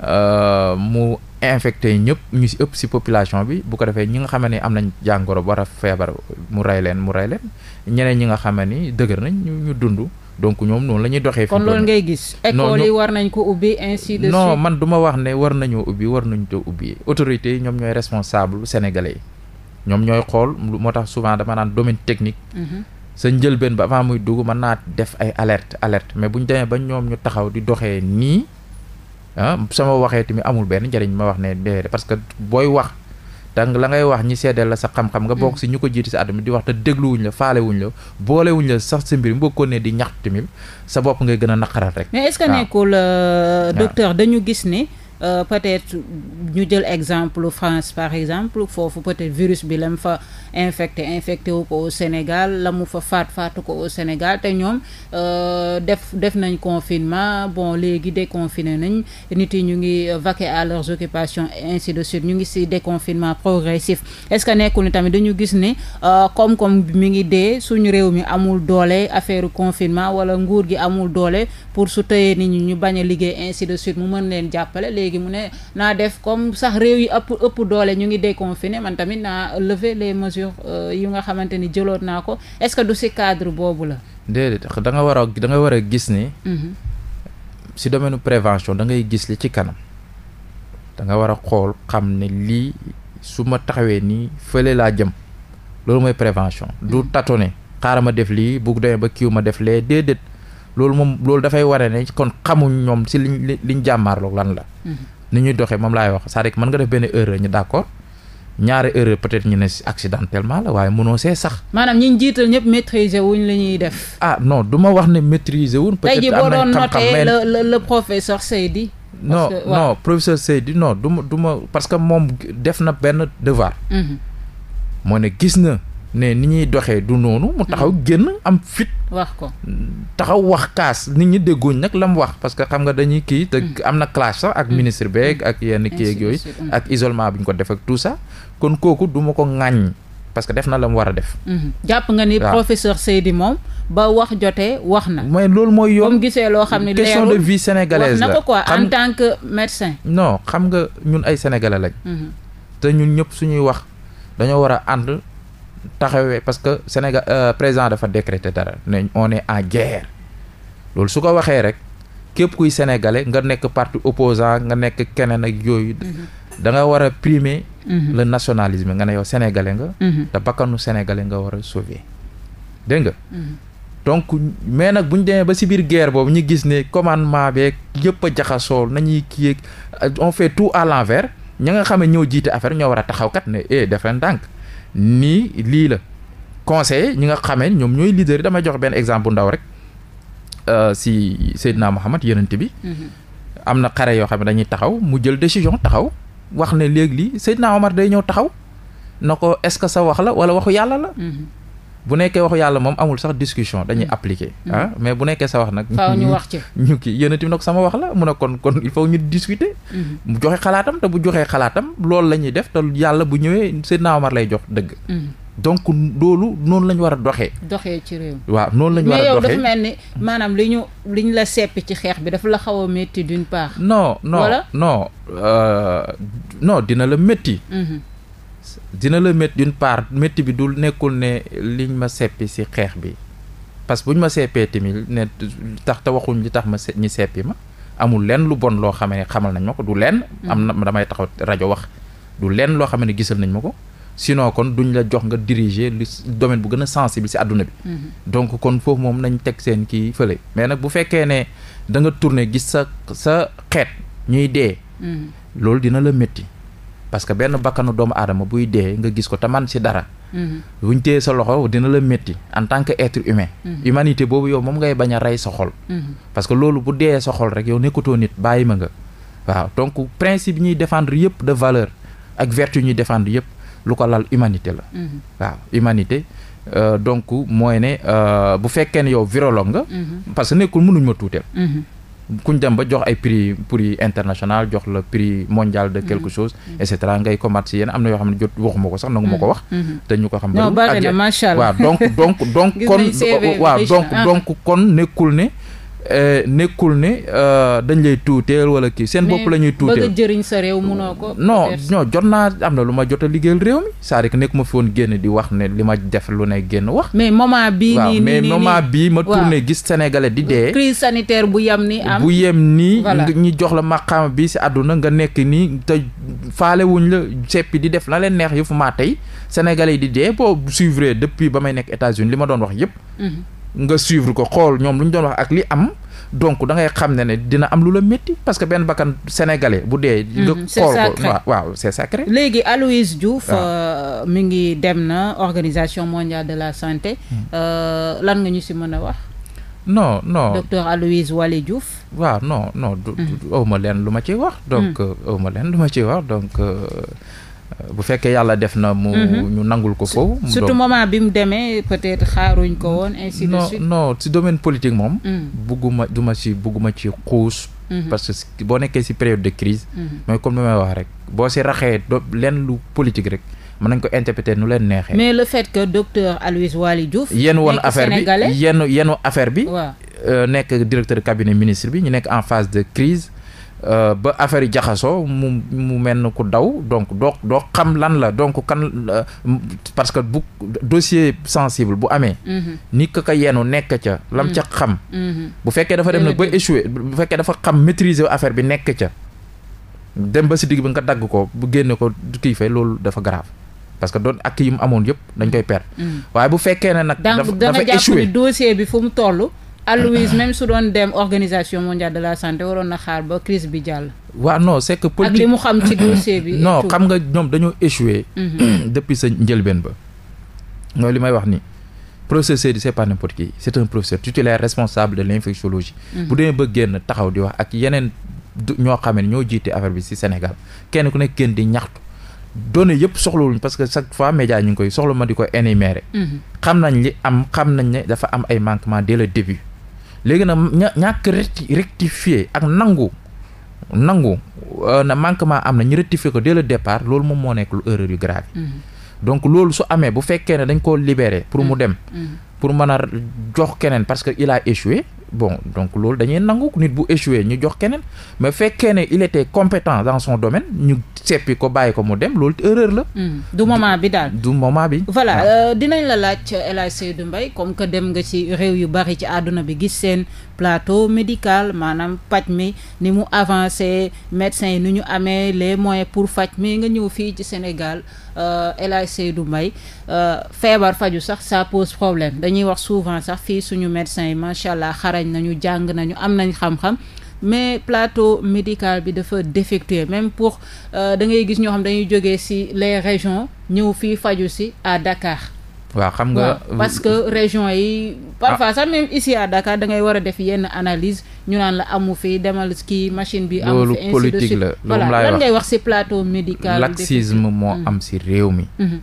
euh, mu infecté ñëpp ñu si ëpp si population bi bu ko defee ñi nga xam ne am nañ jàngoro war a feebar mu rey leen mu rey leen ñeneen ñi nga xam ne dëgër nañ ñu dund donc ñoom noonu la ñuy doxee. kon loolu ngay gis. école yi war nañ ko ubbi ainsi non man du ma wax ne war nañoo ubbi war nañu too ubbi autorités yi ñoom ñooy responsable sénégalais yi ñoom ñooy xool moo tax souvent dama naan domaine technique. Mhm. sa njëlbeen ba avant muy dugg ma naa def ay alerte alerte mais bu ñu demee ba ñoom ñu taxaw di doxee nii ah sama waxee tamit amul benn njëriñ ma wax ne parce que booy wax. dang la ngay wax ñi seedeel la sa xam-xam nga bokk si ñu ko jiiti si àdduna di wax te dégluwuñ la faalewuñ la boolewuñ la sax sa mbir mu bëggoon ne di ñaxtu tamit sa bopp ngay gën a naqaral rek mais est-ce que nekkul euh, docteur dañu gis ni Euh, peut-être ñu jël exemple France par exemple foofu peut-être virus bi la mu fa infecté infecté wu ko au Sénégal la mu fa faat faatu ko au Sénégal te ñoom euh, def def nañ confinement bon léegi déconfiné nañ nit yi ñu ngi vaquer à leurs occupations ainsi de suite ñu ngi si déconfinement progressif est-ce que nekkul ni tamit dañu gis ni euh, koom-koom bi mi ngi dee suñu réew mi amul doole affaire confinement wala nguur gi amul doole pour su tëyee nit ñi ñu bañ a liggéey ainsi de mu mën leen jàppale léegi mu ne naa def comme sax réew yi ëpp ëpp doole ñu ngi déconfiné man tamit naa lever les mesures euh, yu nga xamante ni jëloon naa ko est-ce que du si cadre boobu la. déedéet da war a da war a gis ni. si mm-hmm. domaine prévention da ngay gis li ci kanam da nga war a xool xam ne lii su ma taxawee nii fële laa jëm loolu mooy prévention. du mm-hmm. tâtonner xaaral ma def lii bu demee ba kiiw ma def lee déedéet. loolu moom loolu dafay waree ne kon xamuñ ñoom si liñ liñ jàmmaarloog lan la. Mhm. ni ñuy doxee moom laay wax c'est-à-dire mën nga def benn erreur ñu d'accord ñaari erreur peut-être ñu ne si accidentellement la waaye mënoo see sax. maanaam ñi ñu jiital ñëpp maîtriser wuñ la ñuy def. ah non du ma wax ne maîtriser wuñ. peut-être am nañ xam-xam tey jii boo doon noter le le professeur Seydi. non non professeur Seydi non du ma du parce que moom def na benn devoir. Mhm. moo ne gis na. ne ni ñuy doxee du noonu. mu taxaw mm-hmm. génn am fit. wax ko taxaw wax kaas nit ñi dégguñ nag la mu wax parce que xam nga dañuy kii te mm. am na clash sax ak mm. ministre beeg mm. ak yenn kii ak yooyu. ak isolement bi ñu ko def ak tout ça. kon kooku duma ko ŋàññ parce que def na la mu war a def. Mm-hmm. jàpp nga ni professeur Seydi moom. ba wax jotee wax na. mais loolu mooy yoon comme gisee loo xam ne question de vie sénégalaise na ko quoi en tant que médecin. no xam nga ñun ay sénégalais lañ. Mm-hmm. te ñun ñëpp suñuy wax dañoo war a taxawee parce que Sénégal euh, président dafa décréter dara ne on est en guerre loolu su ko waxee rek képp kuy sénégalais nga nekk parti opposant nga nekk keneen ak yooyu. Mhm. da nga war a primer. Mhm. le nationalisme nga ne yow sénégalais nga. Mhm. te bakkanu sénégalais nga war a sauver dégg nga. donc mais nag bu ñu demee ba si biir guerre boobu ñu gis ne commandement beeg yëpp a jaxasoo nañuy kii on fait tout à l'envers ña nga xam ne ñoo jiite affaire ñoo war a taxaw kat ne eh ndànk nii lii la conseil ñi nga xamee ñoom ñooy leader yi damay jox benn exemple bu ndaw rek euh, si Seydina Muhammad yonent bi mm-hmm. am na xare yoo xam ne dañuy taxaw mu jël décision taxaw wax ne léegi lii Seydina Omar day ñëw taxaw na ko est sa wax la wala waxu yàlla la mm-hmm. bu nekkee waxu yàlla moom amul sax discussion dañuy mm. appliquer mm. Ah, mais bu nekkee sa wax nag faaw ñu wax ci ñu kii yéen itam nag sama wax la mu a kon kon il faut ñu discuter mm-hmm. mu joxe xalaatam te bu joxee xalaatam loolu la ñuy def te yàlla bu ñëwee Seydina Omar lay jox dëgg mm-hmm. donc loolu noonu la ñu war a doxee. doxee ci réew waaw noonu la ñu mais yow dafa mel ni maanaam li ñu li ñu la seppi ci xeex bi dafa la xaw a métti d'une part. non non voilà. Euh, non dina la métti. Mm-hmm. dina la métti d'une part métti bi dul nekkul ne liñ ma seppi si xeex bi parce que buñ ma seppee tamit ne tax te waxuñ li tax ma se ñi seppi ma amul lenn lu bon loo xam ne xamal nañ ma ko du lenn. Mm. am na damay taxaw rajo wax du lenn loo xam ne gisal nañ ma ko. sinon kon duñ la jox nga diriger li domaine bu gën a sensible si àdduna bi. Mm-hmm. donc kon foofu moom nañ teg seen kii fële. mais nag bu fekkee ne da nga tourner gis sa sa xeet ñuy dee. Mm-hmm. loolu dina la métti. parce que benn bakkanu doomu aadama buy dee nga gis ko te man si dara. Mhm. buñ téye sa loxo dina la métti en tant que être humain. Mhm. humanité boobu yow moom ngay baña a rey sa xol. Mhm. parce que loolu bu dee sa xol rek yow nekkatoo nit bàyyi ma nga. waaw donc principe ñuy defendre yëpp de valeur ak vertu ñuy defendre yëpp lu ko lal humanité la. waaw humanité. Euh, donc mooy ne euh, bu fekkee ne yow virologue nga. parce que nekkul mënuñ ma tuuteel. kuñ dem ba jox ay prix prix international jox la prix mondial de mm-hmm. quelque chose mm-hmm. et cetera ngay commencé yéen am na yoo xam ne jot waxuma ko sax nangu ma ko wax mm-hmm. te ñu ko xam waaw donc donc donc kon waaw donc donc kon nekkul ne Eh, nekkul ne euh, dañ lay tuuteel wala kii seen bopp la ñuy tuuteel bëgg jëriñ sa réew mënoo ko non non jot naa am na lu ma jot a liggéeyal réew mi saa rek nekk ma fi woon génn di wax ne li ma def lu ne génn wax mais moment bii waaw moment bii ma tourné gis sénégalais di dee crise sanitaire bu yam ni am bu yem nii ñi jox la maqaama bi si àdduna nga nekk nii te faale wuñ la seppi di def la leen neex yëfu maa tey sénégalais yi di dee boo suivre depuis ba may nekk États-Unis li ma doon wax yëpp mhm. nga suivre ko xool ñoom lu ñu doon wax ak li am donc da xam ne ne dina am lu la métti parce que benn bakkan sénégalais bu dee. Mm-hmm. nga xool ko waaw c'est sacré. léegi Aloyse Diouf. Ah. Euh, mi ngi dem na organisation mondial de la santé. Mm. Euh, lan nga ñu si mën a wax. no non docteur Aloyse Waly Diouf. waaw non non. aw ma leen lu ma ci wax. donc aw ma leen lu ma ciy wax donc. Mm. Euh, bu fekkee yàlla def na mu mhm. ñu nangul ko foofu surtout moment bi mu demee peut-être xaaruñ ko woon ainsi de suite non si domaine politique moom mhm. bugguma duma si bugguma ci xuus mhm. parce que boo nekkee si période de crise mooy comme li may wax rek boo si raxee do leen lu politique rek mën nañ ko interpréter nu leen neexee mais le fait que docteur Aloyse Waly Diouf yenn woon affaire bi yenn yenn affaire bi euh, nekk directeur cabinet ministre bi ñu nekk en phase de crise Euh, ba affaire yi jaxasoo mu mu mel ne ku daw donc doo doo xam lan la donc kan euh, parce que bu dossier sensible bu amee. Mhm. ni ko yenu nekk ca. lam ca mhm. xam. Mhm. bu fekkee dafa dem nag ba échoué bu fekkee dafa xam maîtriser affaire bi nekk ca. dem ba si digg bi nga dagg ko bu génne ko kii fay loolu dafa grave. parce que doon ak yi mu amoon yëpp dañ koy perdre. waaye bu fekkee ne nag. dafa dafa échoué ni dossier bi fu mu toll. Aloyse même su doon dem organisation mondiale de la santé waroon na xaar ba crise bi jàll. waaw non c'est que. ak li mu xam ci dossier bi. non xam nga ñoom dañoo échoué. Mhm. depuis sa njëlbeen ba. mooy li may wax ni professeur bi c'est pas n'importe qui c'est un professeur titulaire responsable de l'infectiologie. Mhm. bu demee ba génn taxaw di wax ak yeneen du ñoo xam ne ñoo jiite affaire bi ci Sénégal kenn ku nekk génn di ñaxtu. données yëpp soxlawuñ parce que chaque fois média ñu ngi koy soxla ma di ko énumérer. Mhm. xam nañ li am xam nañ ne dafa am ay manquements dès le début. léegi nag ña ñàkk rectifier ak nangu nangu euh, na manquement am na ñu rectifier ko dès le départ loolu moom moo nekk lu erreur yu grave mm-hmm. donc loolu su amee bu fekkee ne dañ koo libérer pour mu mm-hmm. dem mm-hmm. pour mën a jox keneen parce que il a échoué bon donc loolu dañuy nangu nit bu échoué ñu jox keneen mais fekkee ne il était compétent dans son domaine ñu seppi ko bàyyi ko mu dem loolu erreur la. Hmm. du moment bi daal du moment bi. voilà ah. euh, dinañ la laaj El Hadj Seydou Mbaye comme que dem nga ci réew yu bari ci àdduna bi gis seen plateau médical maanaam paj mi ni mu avancé médecins yi ni ñu amee les moyens pour faj mi nga ñëw fii ci Sénégal. Euh, El Hadj Seydou Mbaye euh, feebar faju sax ça pose problème dañuy wax souvent sax fii suñu médecins yi macha allah xarañ nañu jàng nañu am nañ xam-xam. mais plateau médical bi dafa défectueux même pour euh, da ngay gis ñoo xam dañuy jóge ci les régions ñëw fii faju ci à Dakar. waaw xam nga parce que région yi parfois sax même ici à Dakar da ngay war a def yenn analyse ñu naan la amu fi demal kii machine bi amu fi ainsi de loolu politique la voilà lan ngay wax ci plateau médical laxisme moo hmm. am si réew mi hmm.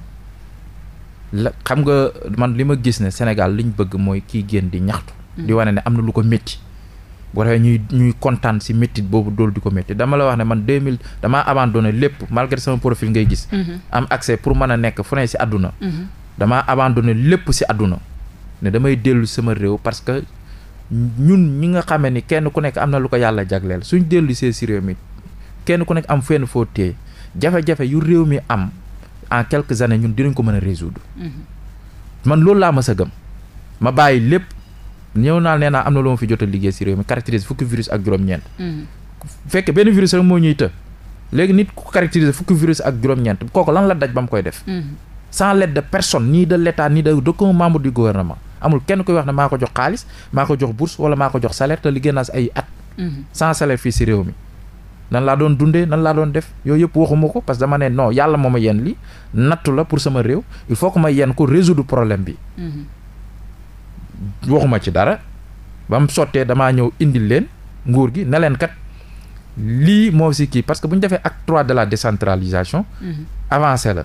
la xam nga man li ma gis ne Sénégal liñ bëgg mooy kii génn di ñaxtu hmm. di wane ne am na lu ko métti boo defee ñuy ñuy kontaan ci métti boobu doolu di ko métti dama la wax ne man 2000 damaa abandonné lépp malgré sama profil ngay gis am accès pour mën a nekk fu ne àdduna dama abandonné lépp si adduna ne damay dellu sama réew parce que ñun ñi nga xamee ni kenn ku nekk am na lu ko yàlla jagleel suñ dellu see si réew mi kenn ku nekk am fenn foo téye jafe-jafe yu réew mi am en quelque années ñun dinañ ko mën a résoudre mm-hmm. man loolu laa ma sa ma bàyyi lépp ñëw naa nee naa am na loo ma fi jot a liggéey ci réew mi caractérise fukki virus ak juróom-ñeent mm-hmm. fekk benn virus rek moo ñuy të léegi nit ku caractérise fukki virus ak juróom kooku lan la daj koy def mm-hmm. sans l'aide de personne ni de l'État ni de d'aucun membre du gouvernement amul kenn koy wax ne maa ko jox xaalis maa ko jox bourse wala maa ko jox salaire te liggéey naa si ay at mhm. sans salaire fii si réew mi nan laa doon dundee nan laa doon def yooyu yëpp waxuma ko parce que dama ne non yàlla moo ma yenn li nattu la pour sama réew il faut que ma yenn ko résoudre problème bi mhm. waxuma ci dara ba mu sottee damaa ñëw indil leen nguur gi ne leen kat lii moo si kii parce que bu defee acte trois de la décentralisation mhm. avancé la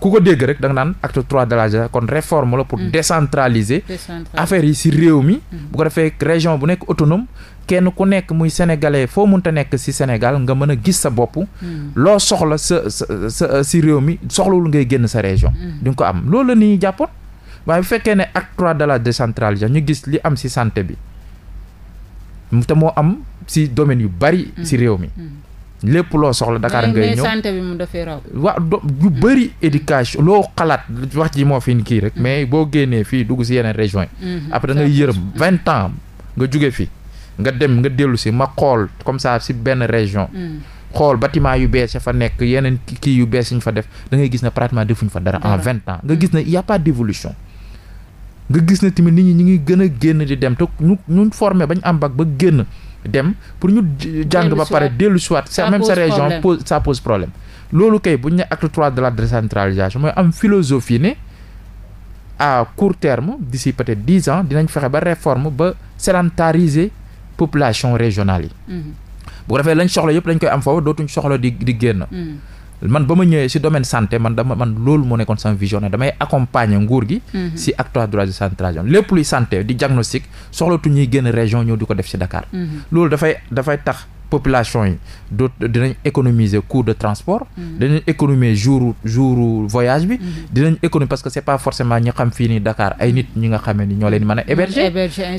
ku ko dégg rek danga nga naan acte trois de la kon réforme la pour mm. décentraliser affaire yi si réew mi mm-hmm. bu ko defee région bu nekk autonome kenn ku nekk muy sénégalais foo munta nekk si Sénégal nga mën a gis sa bopp mm. loo soxla sa sa sa si réew mi soxlawul ngay génn sa région mm. du nga ko am loolu la ni jàppoon waaye bu fekkee ne acte trois de la décentralisation ñu gis li am si santé bi te moo am si domaine yu bari si réew mi lépp loo soxla Dakar nga ñëw santé mu dafay raw waaw do lu bëri éducation loo xalaat wax ji moo fi kii rek mm-hmm. mais boo génnee fii dugg si yeneen région yi mm-hmm. après da ngay yërëm vingt ans nga jóge fi nga dem nga dellu si ma xool comme ça si benn région mm. xool batiment yu bees ya fa nekk yeneen kii yu bees yi ñu fa def da ngay gis ne pratiquement defuñ fa dara en vingt ans nga mm. gis ne y a d'évolution nga gis ne tamit nit ñi ñu ngi gën a génn di dem te ñu ñun formé bañ am ba génn dem pour ñu jàng ba pare dellu soit c'est même sa région pose ça pose problème loolu kay bu ñu ne acte trois de la décentralisation mooy am philosophie ne à court terme d'ici peut-être dix ans dinañ fexe ba réforme ba sédentariser population régionale yi mm-hmm. bu ko defee lañ soxla yëpp lañ koy am foofu dootuñ soxla di génn mm-hmm. man ba ma ñëwee si domaine santé man dama man loolu moo nekkoon sama vision ne damay accompagner nguur gi. Mhm. si acte trois de centration lépp luy santé di diagnostic soxlatu ñuy génn région ñëw di ko def si Dakar. Mhm. loolu dafay dafay tax. population yi doot dinañ économiser coût de transport mm-hmm. dinañ économiser jour jour voyage bi mm-hmm. dinañ économiser parce que c'est pas forcément ñi xam fii ni Dakar ay nit ñi nga xamee ni ñoo leen mën a héberger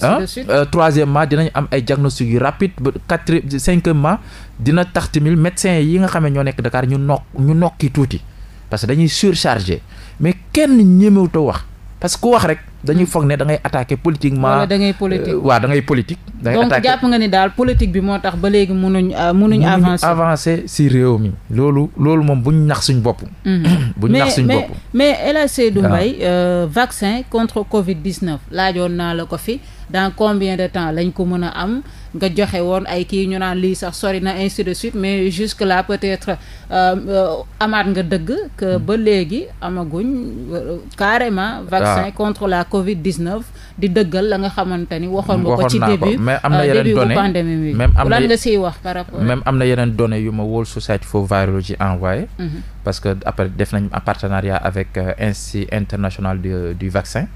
ah, euh, troisièmement dinañ am ay diagnostic yu rapide ba quatre cinquièmement dina tax tamit médecins yi nga xame ñoo nekk Dakar ñu nokk ñu nokki tuuti parce que dañuy surchargé mais kenn ñemewut a wax parce que ku wax rek dañuy foog ne da ngay attaquer politiquement. wala da politique euh, waaw da ngay politique. da ngay attaquer donc jàpp nga ni daal politique bi moo tax ba léegi munuñ euh, munuñ avancer avancer si réew mi loolu loolu moom buñ nax suñ bopp. Mhm. buñ nax suñ bopp mais mais El Hadj euh, vaccin contre Covid 19 laajoon naa la ko fi. dans combien de temps lañ ko mën a am nga joxe woon ay kii ñu naan lii sax sori na ainsi de suite mais jusque là peut-être euh, euh, amaat nga dëgg que hmm. ba léegi amaguñ euh, carrément vaccin ah. contre la covid 19 di dëggal la nga xamante ni waxoon nga ko ci début mais am na yeneen données pandémie bi même am lan nga siy wax par rapport même am na yeneen données yu ma World Society for Virology envoyé mhm. parce que après def nañ un partenariat avec euh, institut international du du vaccin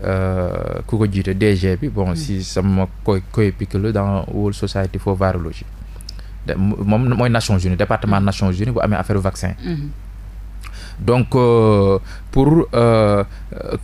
Euh, ku ko jiite DG bi bon hmm. si sama koy koy pique la dans World Society for Virology moom mooy Nations Unies département hmm. Nations Unies bu amee affaire vaccin hmm. donc euh, pour euh,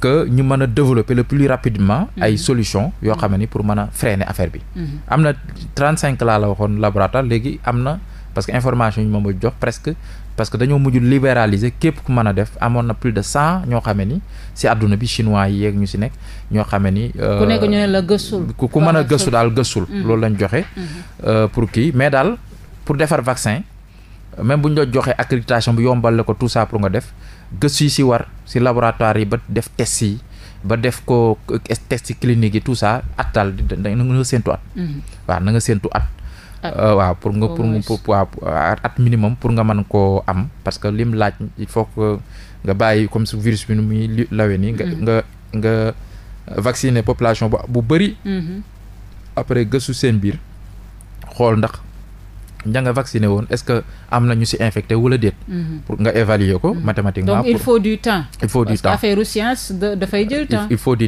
que ñu mën a développer le plus rapidement ay mm solution yoo xam ni pour mën a freiner affaire bi am na trente cinq laa la waxoon laboratoire léegi am na parce que information yi moom ma jox presque parce que dañoo mujj libéraliser képp ku mën a def amoon na plus de cent ñoo xamee ni si àdduna bi chinois yi yeeg ñu si nekk ñoo xamee ni. Euh, ku nekk ñu ne la gëstul. ku mën a gëstu daal gëstul. loolu lañ joxe. Mm-hmm. Euh, pour kii mais daal pour defar vaccin même bu ñu la joxee accréditation bi yombal la ko tout ça pour nga def gëstu yi si war si laboratoire yi ba def test yi. ba def ko test clinique yi tout ça atal na nga séntu at. Mm-hmm. waaw na nga séntu at Ah. Euh, waaw pour nga pour waaw at minimum pour nga mën koo am parce que lim laaj il faut que nga bàyyi comme si virus bi ni muy lawee ni nga mhm. nga nga vacciner population bu bëri. Mhm. après gëstu seen biir xool ndax ña nga vacciné woon est-ce que am na ñu si infecté wala déet. Mhm. pour nga évaluer ko mhm. mathématiquement. donc il faut du temps. il faut du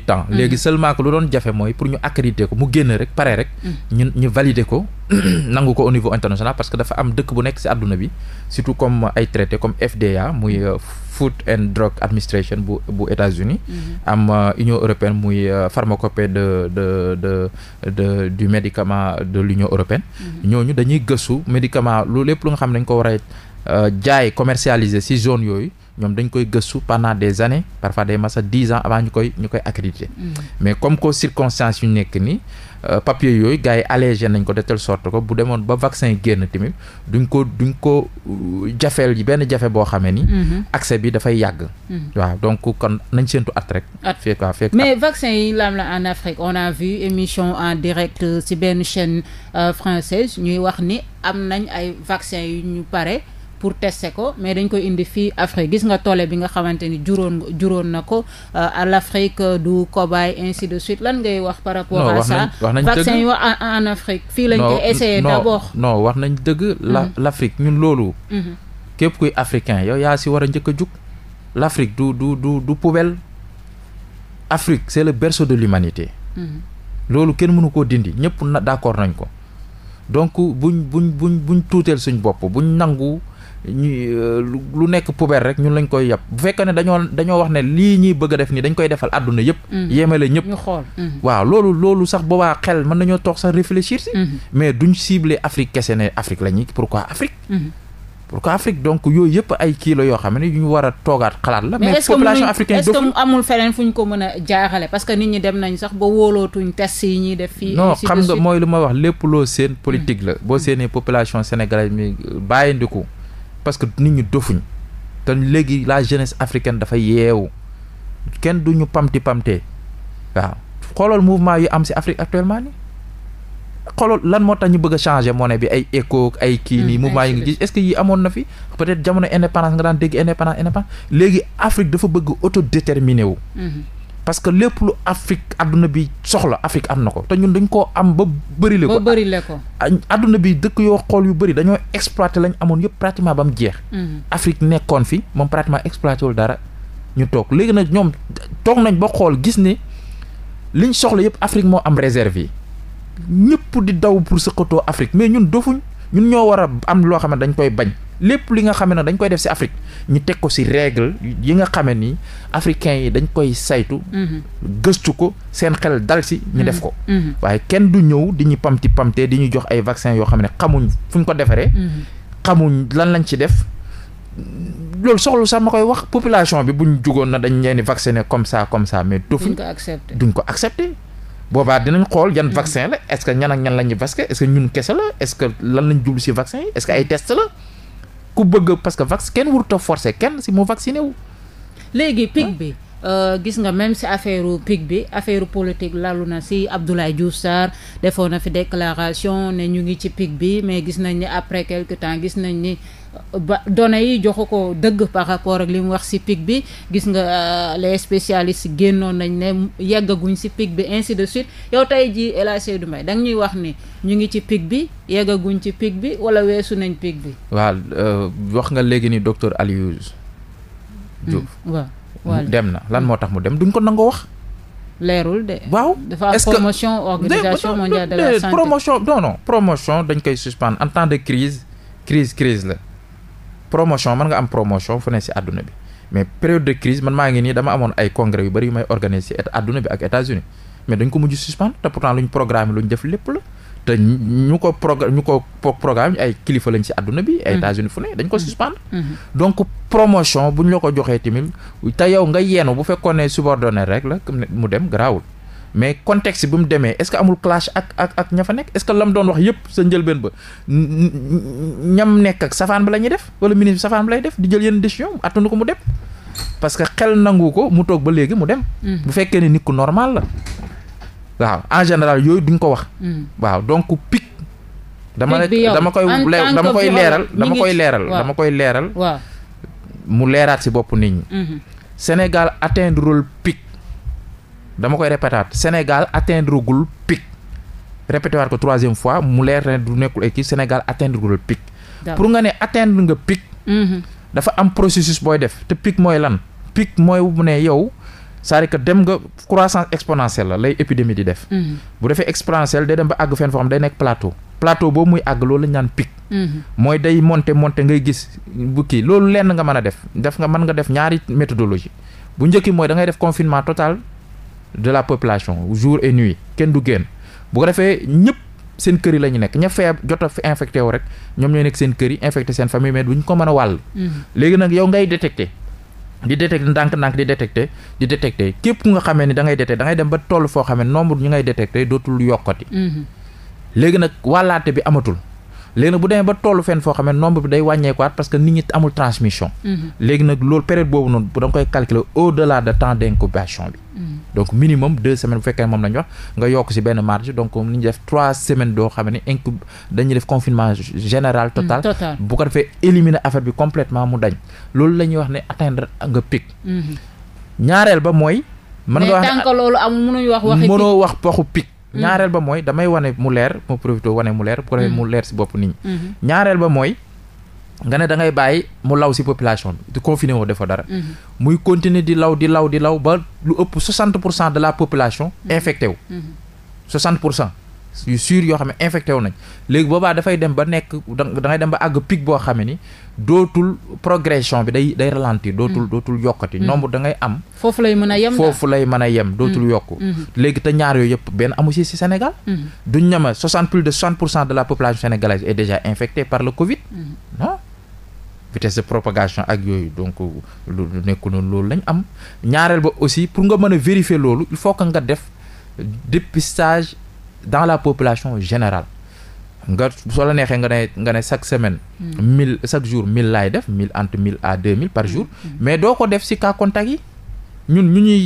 temps mhm. léegi seulement que lu doon jafe mooy pour ñu accréditer ko mu génn rek pare rek. ñu ñu valider ko nangu ko au niveau international parce que dafa am dëkk bu nekk si àdduna bi surtout comme ay traité comme FDA muy. Euh, Food and Drug Administration bu bu États-Unis mhm. am euh, Union européenne muy euh, pharmacopée de de de de du médicament de l'Union européenne mhm. ñooñu dañuy gëstu médicament lu lépp lu nga xam ne dañ ko war a euh, jaay commercialiser ci zone yooyu ñoom dañ koy gëstu pendant des années parfois day masa dix ans avant ñu koy ñu koy accrédité mm. mais comme que circonstances yu nekk ni euh, papier yooyu gars yi allégé nañ ko de telle sorte que bu demoon ba vaccin génn tamit duñ ko duñ ko euh, jafeel yi benn jafe boo xamee ni mm-hmm. accès bi dafay yàgg mm. waaw donc kon nañ séntu at rek fekk waaw fekk mais vaccin yi laam la en Afrique on a vu émission en direct euh, ci benn chaîne française ñuy wax ni am nañ ay vaccin yu ñu pour tester ko mais dañ koy indi fii Afrique gis nga toole bi nga xamante ni juróon juróon na ko euh, à l'Afrique euh, du cobaye ainsi de suite lan ngay wax par rapport à ça vaccin yo en Afrique fii lañ koy essayer d'abord non wax nañ dëgg la mhm. l'Afrique ñun loolu mhm. képp kuy africain yow yaa si war a njëkk a jug l'Afrique du du du du poubelle Afrique c'est le berceau de l'humanité mhm. loolu kenn mënu koo dindi ñëpp na d'accord nañ ko donc buñ buñ buñ buñ tuuteel suñ bopp buñ nangu ñu euh, lu nekk poubelle rek ñun lañ koy yab bu fekkee ne dañoo dañoo wax ne lii ñuy bëgg a def nii dañ koy defal àdduna yëpp. Mm. yemale ñëpp ñu xool. Mm. waaw loolu loolu sax boobaa xel mën nañoo toog sax réfléchir si. Mm-hmm. mais duñ ciblé Afrique kese ne Afrique la pour pourquoi Afrique. Mm-hmm. pourquoi Afrique donc yooyu yëpp ay kii la yoo xam ne yu ñu war a toogaat xalaat la. mais population africaine doful amul feneen fu ñu ko mën a jaaxale parce que nit ñi dem nañ sax ba wóolootuñ test yi ñuy def. fii non xam nga mooy lu ma wax lépp loo seen politique mm. la boo seenee population sénégalaise mi bàyyi ndiku parce que nit ñu dofuñ te léegi la jeunesse africaine dafa yeewu kenn du ñu pamti pamtee waaw xoolal mouvement yu am si Afrique actuellement ni xoolal lan moo tax ñu bëgg a changer monnaie bi ay éco ay kii nii mm, mouvement yi nga gis est yi amoon na fi peut-être jamono indépendance nga daan dégg indépendance indépendance léegi Afrique dafa bëgg autodéterminer wu mm-hmm. parce que lépp lu Afrique àdduna bi soxla Afrique am na ko te ñun dañ koo am ba bërile ko ba bërile ko adduna bi dëkk yoo xool yu bëri dañoo exploité lañ amoon yëpp pratiquement ba mu jeex. Mhm. Afrique nekkoon fi moom pratiquement exploité wul dara ñu toog léegi nag ñoom toog nañ ba xool gis ni liñ soxla yëpp Afrique moo am réserve yi ñëpp di daw pour sëqatoo Afrique mais ñun dofuñ ñun ñoo war a am loo xam ne dañ koy bañ. lépp li nga xamee ne dañ koy def ci Afrique ñu teg ko ci règle yi nga xamee ni africain yi dañ koy saytu mhm. gëstu ko seen xel dal ci ñu def mhm. ko mhm. waaye kenn du ñëw di ñu pamti pamte di ñu jox ay vaccin yoo xam ne xamuñ fu ñu ko defaree xamuñ lan lañ ci def loolu soxlu sax ma koy wax population bi buñ jugoon na dañ leen di vacciner comme ça comme ça mais dofuñ duñ ko accepter boobaa dinañ xool yan vaccin la est-ce que ñan ak ñan la ñuy vacciner est-ce que ñun kese la est test la ku bëgg parce que vax kenn wurut a forcer kenn si mu vacciné wu. léegi pic ah. bi. Uh, gis nga même si affaire pic bi affaire politique lalu na si Abdoulaye Diouf Sarr defoon na fi déclaration ne ñu ngi ci pic bi mais gis nañ ni après quelque temps gis nañ ni ba données yi joxu ko dëgg par rapport ak li mu wax ci pic bi gis nga euh, les spécialistes génnoon nañ ne yeggaguñ ci pic bi ainsi de suite yow tey jii El Hadj Seydou Mbaye da nga ñuy wax ni ñu ngi ci pic bi yeggaguñ ci pic bi wala weesu nañ pic bi. waaw euh, wax nga léegi ni docteur Aliou mm, waaw dem na lan moo tax mu dem duñ ko nangoo wax. leerul de. waaw est-ce que promotion organisation mondiale de la santé promotion non non promotion dañ en temps de crise crise crise la. promotion mën nga am promotion fu ne si adduna bi mais période de crise man maa ngi nii dama amoon ay congrès yu bëri yu may organiser si àdduna bi ak États-Unis mais dañ ko mujj suspendre te pourtant lu ñu programme lu ñu def lépp la te ñu ko progr ñu ko programme ay kilifa lañ si àdduna bi. ay mm-hmm. États-Unis fu ne dañ ko mm-hmm. suspendre. Mm-hmm. donc promotion bu ñu la ko joxee tamit te yow nga yeenu bu fekkoon ne subordonné rek la mu dem garaawul. mais contexte bi mu demee est-ce que amul clash ak ak ak ña fa nekk est-ce que la doon wax yëpp sa njëlbeen ba ñam nekk ak safaan ba la ñuy def wala ministre bi safaan ba lay def di jël yenn décision attanu ko mu dem parce que xel nangu ko mu toog ba léegi mu dem. Mm-hmm. bu fekkee ne nit normal la. en général yooyu duñ ko wax. Mm-hmm. waaw donc pic. dama dama koy dama koy leeral dama koy leeral dama koy leeral. mu leeraat ci bopp nit ñi. Mm-hmm. Sénégal pic. dama koy répétaat Sénégal atteindre gul pic répété waat ko troisième fois mu leer ne du nekkul équipe Sénégal atteindre gul pic. pour nga ne atteindre nga pic. Mhm. dafa am processus booy def te pic mooy lan pic mooy mu ne yow. c'est-à-dire que dem nga croissance exponentielle la lay épidémie di def. Mhm. bu defee exponentielle day dem ba àgg fenn day nekk plateau. plateau boobu muy àgg loolu la ñu naan pic. Mhm. mooy day monter monter ngay gis bu kii loolu lenn nga mën a def def nga mën nga def ñaari méthodologie bu njëkki mooy da ngay def confinement total de la population jour et nuit kenn du génn bu ko defee ñëpp seen kër yi la ñu nekk ña feeb joto fi infecté wu rek ñoom ñoo nekk seen kër yi infecté seen famille mais ñu ko mën a wàll. Mm-hmm. léegi nag yow ngay détecté di détecté ndànk-ndànk di détecté di détecté képp ku nga xamee ni da ngay détecté da ngay dem ba toll foo xamee nombre ñu ngay détecté dootul yokkati. Mm-hmm. léegi nag wàllaate bi amatul. léegi nag bu demee ba tollu fenn foo xam ne nombre bi day wàññeekuwaat parce que nit ñi amul transmission. Mm-hmm. léegi nag loolu période boobu noonu da nga koy calculer au delà de temps d' bi. Mm-hmm. donc minimum deux semaines bu fekkee moom la wax nga yokk ci benn marge donc ni ñu def trois semaines doo xam ne incub dañuy def confinement général mm, total. bu ko defee éliminer affaire bi complètement mu dañ. loolu la wax ne atteindre nga pic. Mm-hmm. ñaareel Mm-hmm. ñaareel ba mooy damay wane mu leer mu profité wane mu leer pour mm-hmm. mu leer si bopp nit mm-hmm. ñaareel ba mooy nga ne da ngay bàyyi mu law si population bi di confiné woo dafa dara muy continuer di law di law di law ba lu ëpp 60 pour cent de la population infecté wu 60 pour cent yu sûr yoo xam ne infecté wu nañ léegi boobaa dafay dem ba nekk da ngay dem ba àgg pic boo xam ni dootul progression bi day day ralentir dootul mm. dootul yokkati mm. nombre da ngay am foofu lay mën a yem foofu lay mën a yem mm. dootul yokk léegi te ñaar yooyu yëpp benn amu si si Sénégal duñ ñama soixante plus de soixante pour cent de la population sénégalaise est déjà infectée par le Covid non vitesse de propagation ak yooyu donc lu nekku noonu loolu lañ am ñaareel ba aussi pour nga mën a vérifier loolu il faut que nga def dépistage dans la population général nga soo la neexee nga ne nga ne semaine hmm. mille chaque jour mille laay def mille entre mille à deux mille par hmm. jour hmm. mais doo ko def si cas contact yi ñun ñu ñuy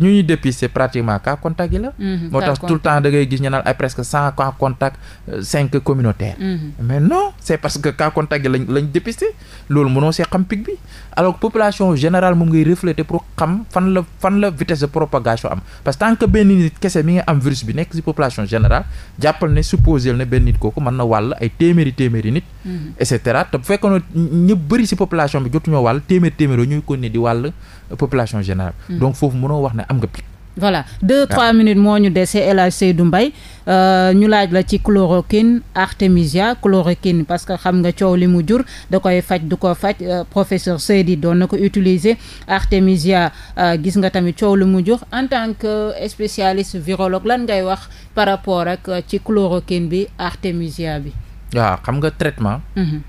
ñu ñuy dépister pratiquement ka contact yi la. Mhm, moo tax tout le temps da ngay gis ñenaan naan ay presque cent cas euh, cinq communautaires. Mhm. mais non c' est parce que ka contact yi lañ lañ dépister loolu mënoo see xam pic bi alors population général mu ngi refléter pour xam fan la fan la vitesse de propagation am parce que tant benn nit kese mi nga am virus bi nekk ci population général jàppal ne supposé ne benn nit kooku mën na wàll ay téeméeri téeméeri nit. Mhm. et cetera te bu fekkoon ne ñu bëri ci population bi jotuñoo wàll téeméeri téeméeri ñuy continuer di wàll. population générale. Hmm. donc foofu mënoo wax na am nga pic. voilà deux ah. trois minutes moo ñu dese El Hadj mbay Mbaye euh, ñu laaj la ci chloroquine artémisia chloroquine parce que xam nga coow li mu jur da koy faj du ko faj euh, professeur Seydi doon na ko utiliser artémisia euh, gis nga tamit coow li mu jur en tant que spécialiste virologue lan ngay wax par rapport ak ci chloroquine bi artémisia bi. waaw xam nga traitement. Mhm.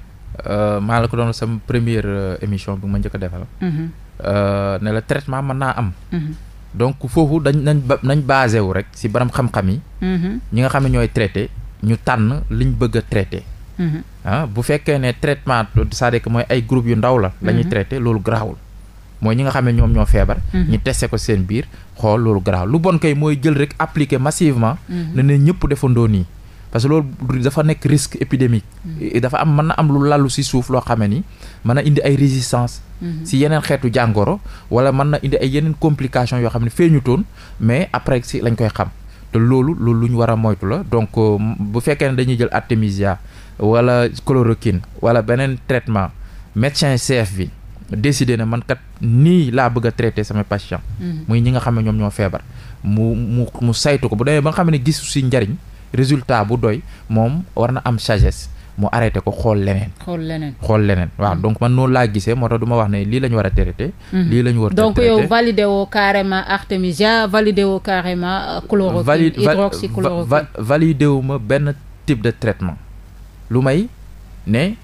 maa la ko doon sama première émission bi ma njëkk a Euh, ne la traitement mën naa am. Mhm. donc foofu dañ nañ nañ basé wu rek si borom xam-xam yi. Mhm. ñi nga xam ne ñooy traité ñu tànn liñ bëgg a traité. Mhm. ah bu fekkee ne traitement c'est-à-dire que mooy ay groupe yu ndaw la. la ñuy traité loolu garaawul. mooy ñi nga xam ne ñoom ñoo feebar. ñu testé ko seen biir xool loolu garaaw lu bon kay mooy jël rek appliquer massivement. ne ne ñëpp defandoo nii. parce que loolu dafa nekk risque épidémique. dafa am mën na am lu lalu si suuf loo xam ni mën a Mhm. si yeneen xeetu jàngoro wala mën na indi ay yeneen complications yoo xam ne feeñutoon mais après si lañ koy xam te loolu loolu lu ñu war a moytu la donc euh, bu fekkee ne dañuy jël artémisia wala chloroquine wala beneen traitement médecin chef bi décidé na man kat nii laa bëgg a traité sama patient. Mhm. muy ñi nga xam ne ñoom ñoo feebar. mu mu mu saytu ko bu demee ba nga xam ne gisu si njariñ résultat bu doy moom war na am sagesse. mu arrêté ko xool leneen. xool leneen xool leneen waaw mm. donc man noonu laa gisee moo tax du wax ne lii lañu war a traité. lii la ñu war a traité mm-hmm. donc yow validé woo carrément artemisia validé woo carrément. Euh, chloroquine hydroxychloroquine validé wu ma benn type de traitement lu may ne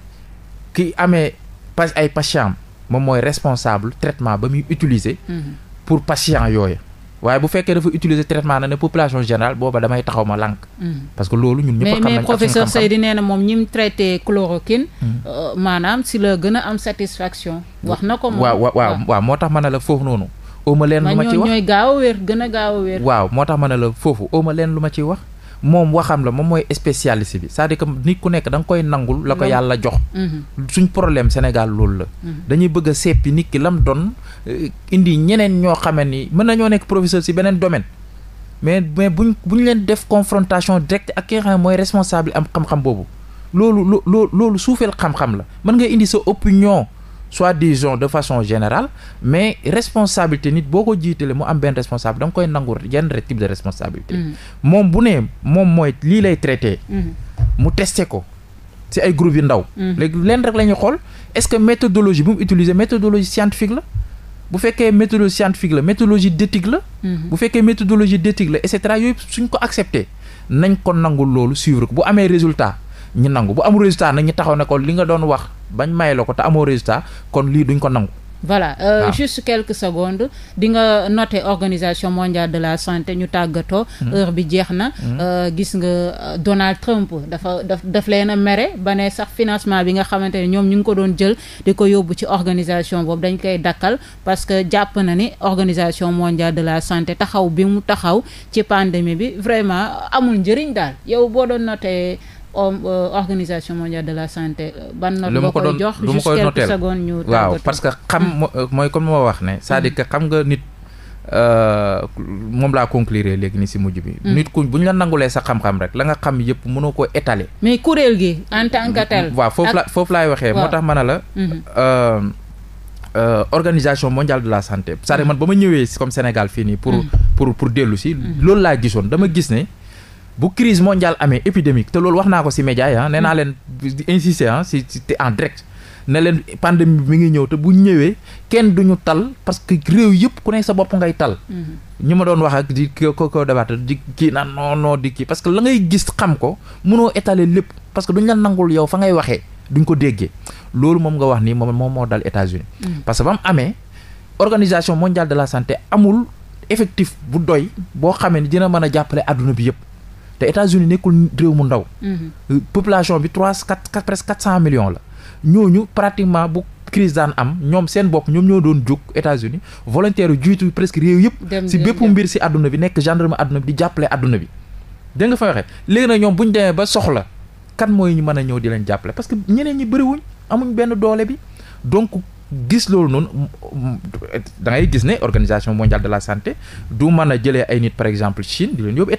ki amee pas ay patient moom mooy responsable traitement ba muy utiliser. Mm-hmm. pour patient yooyu. waaye bu fekkee dafa utiliser traitement na ne population générale booba damay taxaw ma lànk. Mm. parce que loolu ñun ñëpp mais professeur Seydi nee na moom ñi mu traité chloroquine. Mm. Euh, maanaam si la gën a am satisfaction. wax na ko moom waaw waaw waaw moo tax ma ne la foofu noonu. ma leen ma ci wax ñooy gaaw gën a gaaw a wér. moo tax ma ne la foofu oo ma leen lu ma ciy wax. moom waxam la moom mooy spécialiste bi saa à dire nit ku nekk danga koy nangul la ko yàlla jox mhm. suñ problème Sénégal loolu la mhm. dañuy bëgg a seppi nit ki lam doon eh, indi ñeneen ñoo xamee ni mën nañoo nekk professeur si beneen domaine mais mais buñ bu ñu leen def confrontation directe ak ki xam ne mooy responsable am xam-xam boobu loolu loo loolu suufeel xam-xam la mën nga indi sa opinion soit disons de façon générale mais responsabilité nit boo ko jiitalee mu am benn responsable da koy nangu yenn type de responsabilité. Mm. moom bu nee moom mooy lii lay traité. Mm. mu teste ko ci ay groupe yu ndaw. Mm. léegi leen rek la ñuy xool est-ce que méthodologie bu mu utiliser méthodologie scientifique la. bu fekkee méthodologie scientifique la méthodologie d'éthique la. Mm-hmm. bu fekkee méthodologie d'éthique la et cetera yooyu suñ ko accepté nañ ko nangu loolu suivre ko bu amee résultat ñu nangu bu amul résultat nag ñu taxaw ne ko li nga doon wax bañ may la ko te amoo résultat kon lii duñ ko nangu. voilà euh, ah. juste quelques secondes di nga noté organisation mondiale de la santé ñu tàggatoo. Hmm. heure bi jeex na. Hmm. Euh, gis nga euh, Donald Trump dafa daf daf leen a mere ba ne sax financement bi nga xamante ne ñoom ñu ngi ko doon jël di ko yóbbu ci organisation boobu dañ koy dakkal parce que jàpp na ni organisation mondiale de la santé taxaw bi mu taxaw ci pandémie bi vraiment amul njëriñ daal yow boo doon noté. Euh, organisation mondiale de la santé. Euh, ban note la ko doon jox juste quelques secondes ñu waaw parce que xam hmm. euh, mooy kon moo wax ne. saa à dire hmm. xam nga nit. moom laa conclure léegi nii si mujj bi. Hmm. nit ku bu ñu la nangulee sa xam-xam rek la nga xam yëpp mënoo ko étaler. mais kuréel gi en tant que tel. waaw foofu la foofu laay waxee. moo tax ma ne la. organisation mondiale de la santé. cest à man ba ma ñëwee comme Sénégal fii nii. pour pour pour dellu si. loolu laa gisoon dama gis ne. bu crise mondiale amee épidémique te loolu wax naa ko ci média yi ah nee naa mm. leen insister ah ci te en direct ne leen pandémie bi mi ngi ñëw te bu ñëwee kenn du ñu tal parce que réew yëpp ku nekk sa bopp ngay tal. Mm-hmm. ñu ma doon wax ak di ko ko débattre di kii naan non non di kii parce que la ngay gis xam ko mënoo étaler lépp parce que duñ la nangul yow fa ngay waxee duñ ko déggee loolu moom nga wax nii moom moom moo dal États-Unis mm. parce que ba mu amee organisation mondiale de la santé amul effectif bu doy boo xamee ni dina mën a jàppale adduna bi yëpp. te États-Unis nekkul réew mu ndaw. Mhm. Euh, population bi trois quatre presque quatre cent million la ñooñu pratiquement bu crise daan am ñoom seen bopp ñoom ñoo doon jóg États-Unis volontaire yu jiitu presque réew yëpp. si bépp mbir si àdduna bi nekk gendarme àdduna bi di jàppale àdduna bi. dégg nga fa waxee léegi nag ñoom bu ñu demee ba soxla kan mooy ñu mën a ñëw di leen jàppale parce que ñeneen ñi bëriwuñ amuñ benn doole bi donc gis loolu noonu da ngay gis ne organisation mondiale de la santé du mën a jëlee ay nit par exemple Chine di leen yóbbu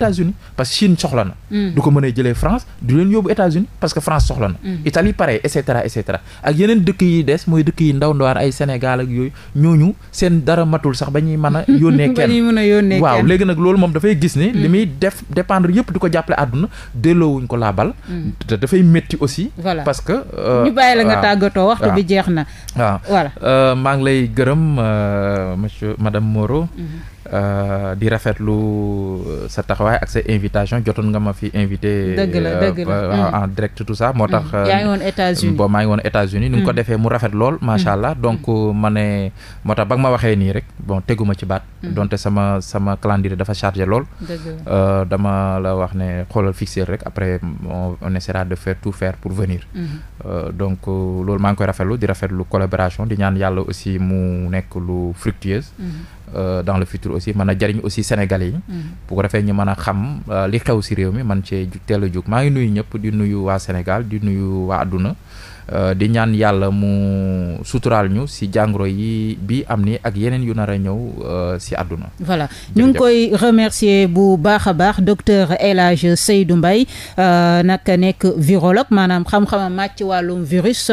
que Chine soxla na. Mm. du ko mën a jëlee France di leen yóbbu États-Unis parce que France soxla na. Mm. Italie pareil et cetera et cetera ak yeneen dëkk yi des mooy dëkk yi ndaw ndawaan ay Sénégal ak yooyu ñu seen dara matul sax ba ñuy mën a. yónnee kenn waaw léegi nag loolu moom dafay gis ni mm. li muy def dépendre yëpp du ko jàppale àdduna delloowuñ ko laa bal. te dafay métti aussi. parce que euh, ñu bàyyi la nga tàggatoo jeex na waaw. voilà ah, maa ngi lay gërëm ah, monsieur madame Moreau. Mm-hmm. Euh, di rafetlu euh, sa taxawaay ak sa invitation jotoon nga ma fi invité. dëgg la euh, dëgg la mm. moo tax. Mm. yaa ngi woon États-Unis bon maa ngi woon États-Unis ni nga ko mm. defee mu rafet lool macha allah donc ma ne moo tax ba nga ma waxee nii rek bon teguma ci baat. donte sama sama calendrier dafa chargé lool. dama la wax ne xoolal fixer rek après on essaiera de faire tout faire pour venir. Mm-hmm. donc loolu maa ngi koy rafetlu di rafetlu collaboration di ñaan yàlla aussi mu nekk lu fructueuse. Mm-hmm. Euh, dans le futur aussi mën a jariñ aussi sénégalais yi. Mm. bu ko defee ñu mën a xam euh, li xew si réew mi man cee teel a jóg maa ngi nuyu ñëpp di nuyu waa Sénégal di nuyu waa àdduna. Euh, di ñaan yàlla mu suturaal ñu si jàngoro yi bi am ni ak yeneen yu nar a ñëw euh, si àdduna. voilà ñu ngi koy remercier bu baax a baax docteur El Hadj mbay Mbaye euh, nag nekk virologue maanaam xam-xamam ci wàllum virus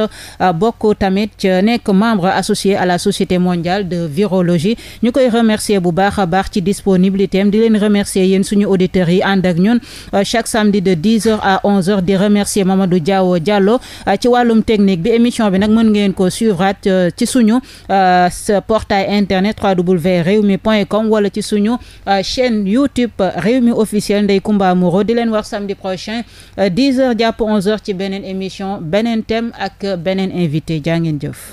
bokk tamit nekk membre associé à la société mondiale de virologie ñu koy remercier bu baax a baax ci disponibilité am di leen remercier yéen suñu auditeurs yi ànd ak ñun chaque samedi de 10 heures à 11 heures di remercier Mamadou Diaw Diallo ci wàllum technique bi émission bi nag mën ngeen ko suivre euh, ci suñu euh, portail internet www rewmi point com wala ci suñu euh, chaîne YouTube Rewmi officiel Ndeye Comba Moreau di leen wax samedi prochain 10 heures jàpp 11 heures ci beneen émission beneen thème ak beneen invité jaa ngeen jëf.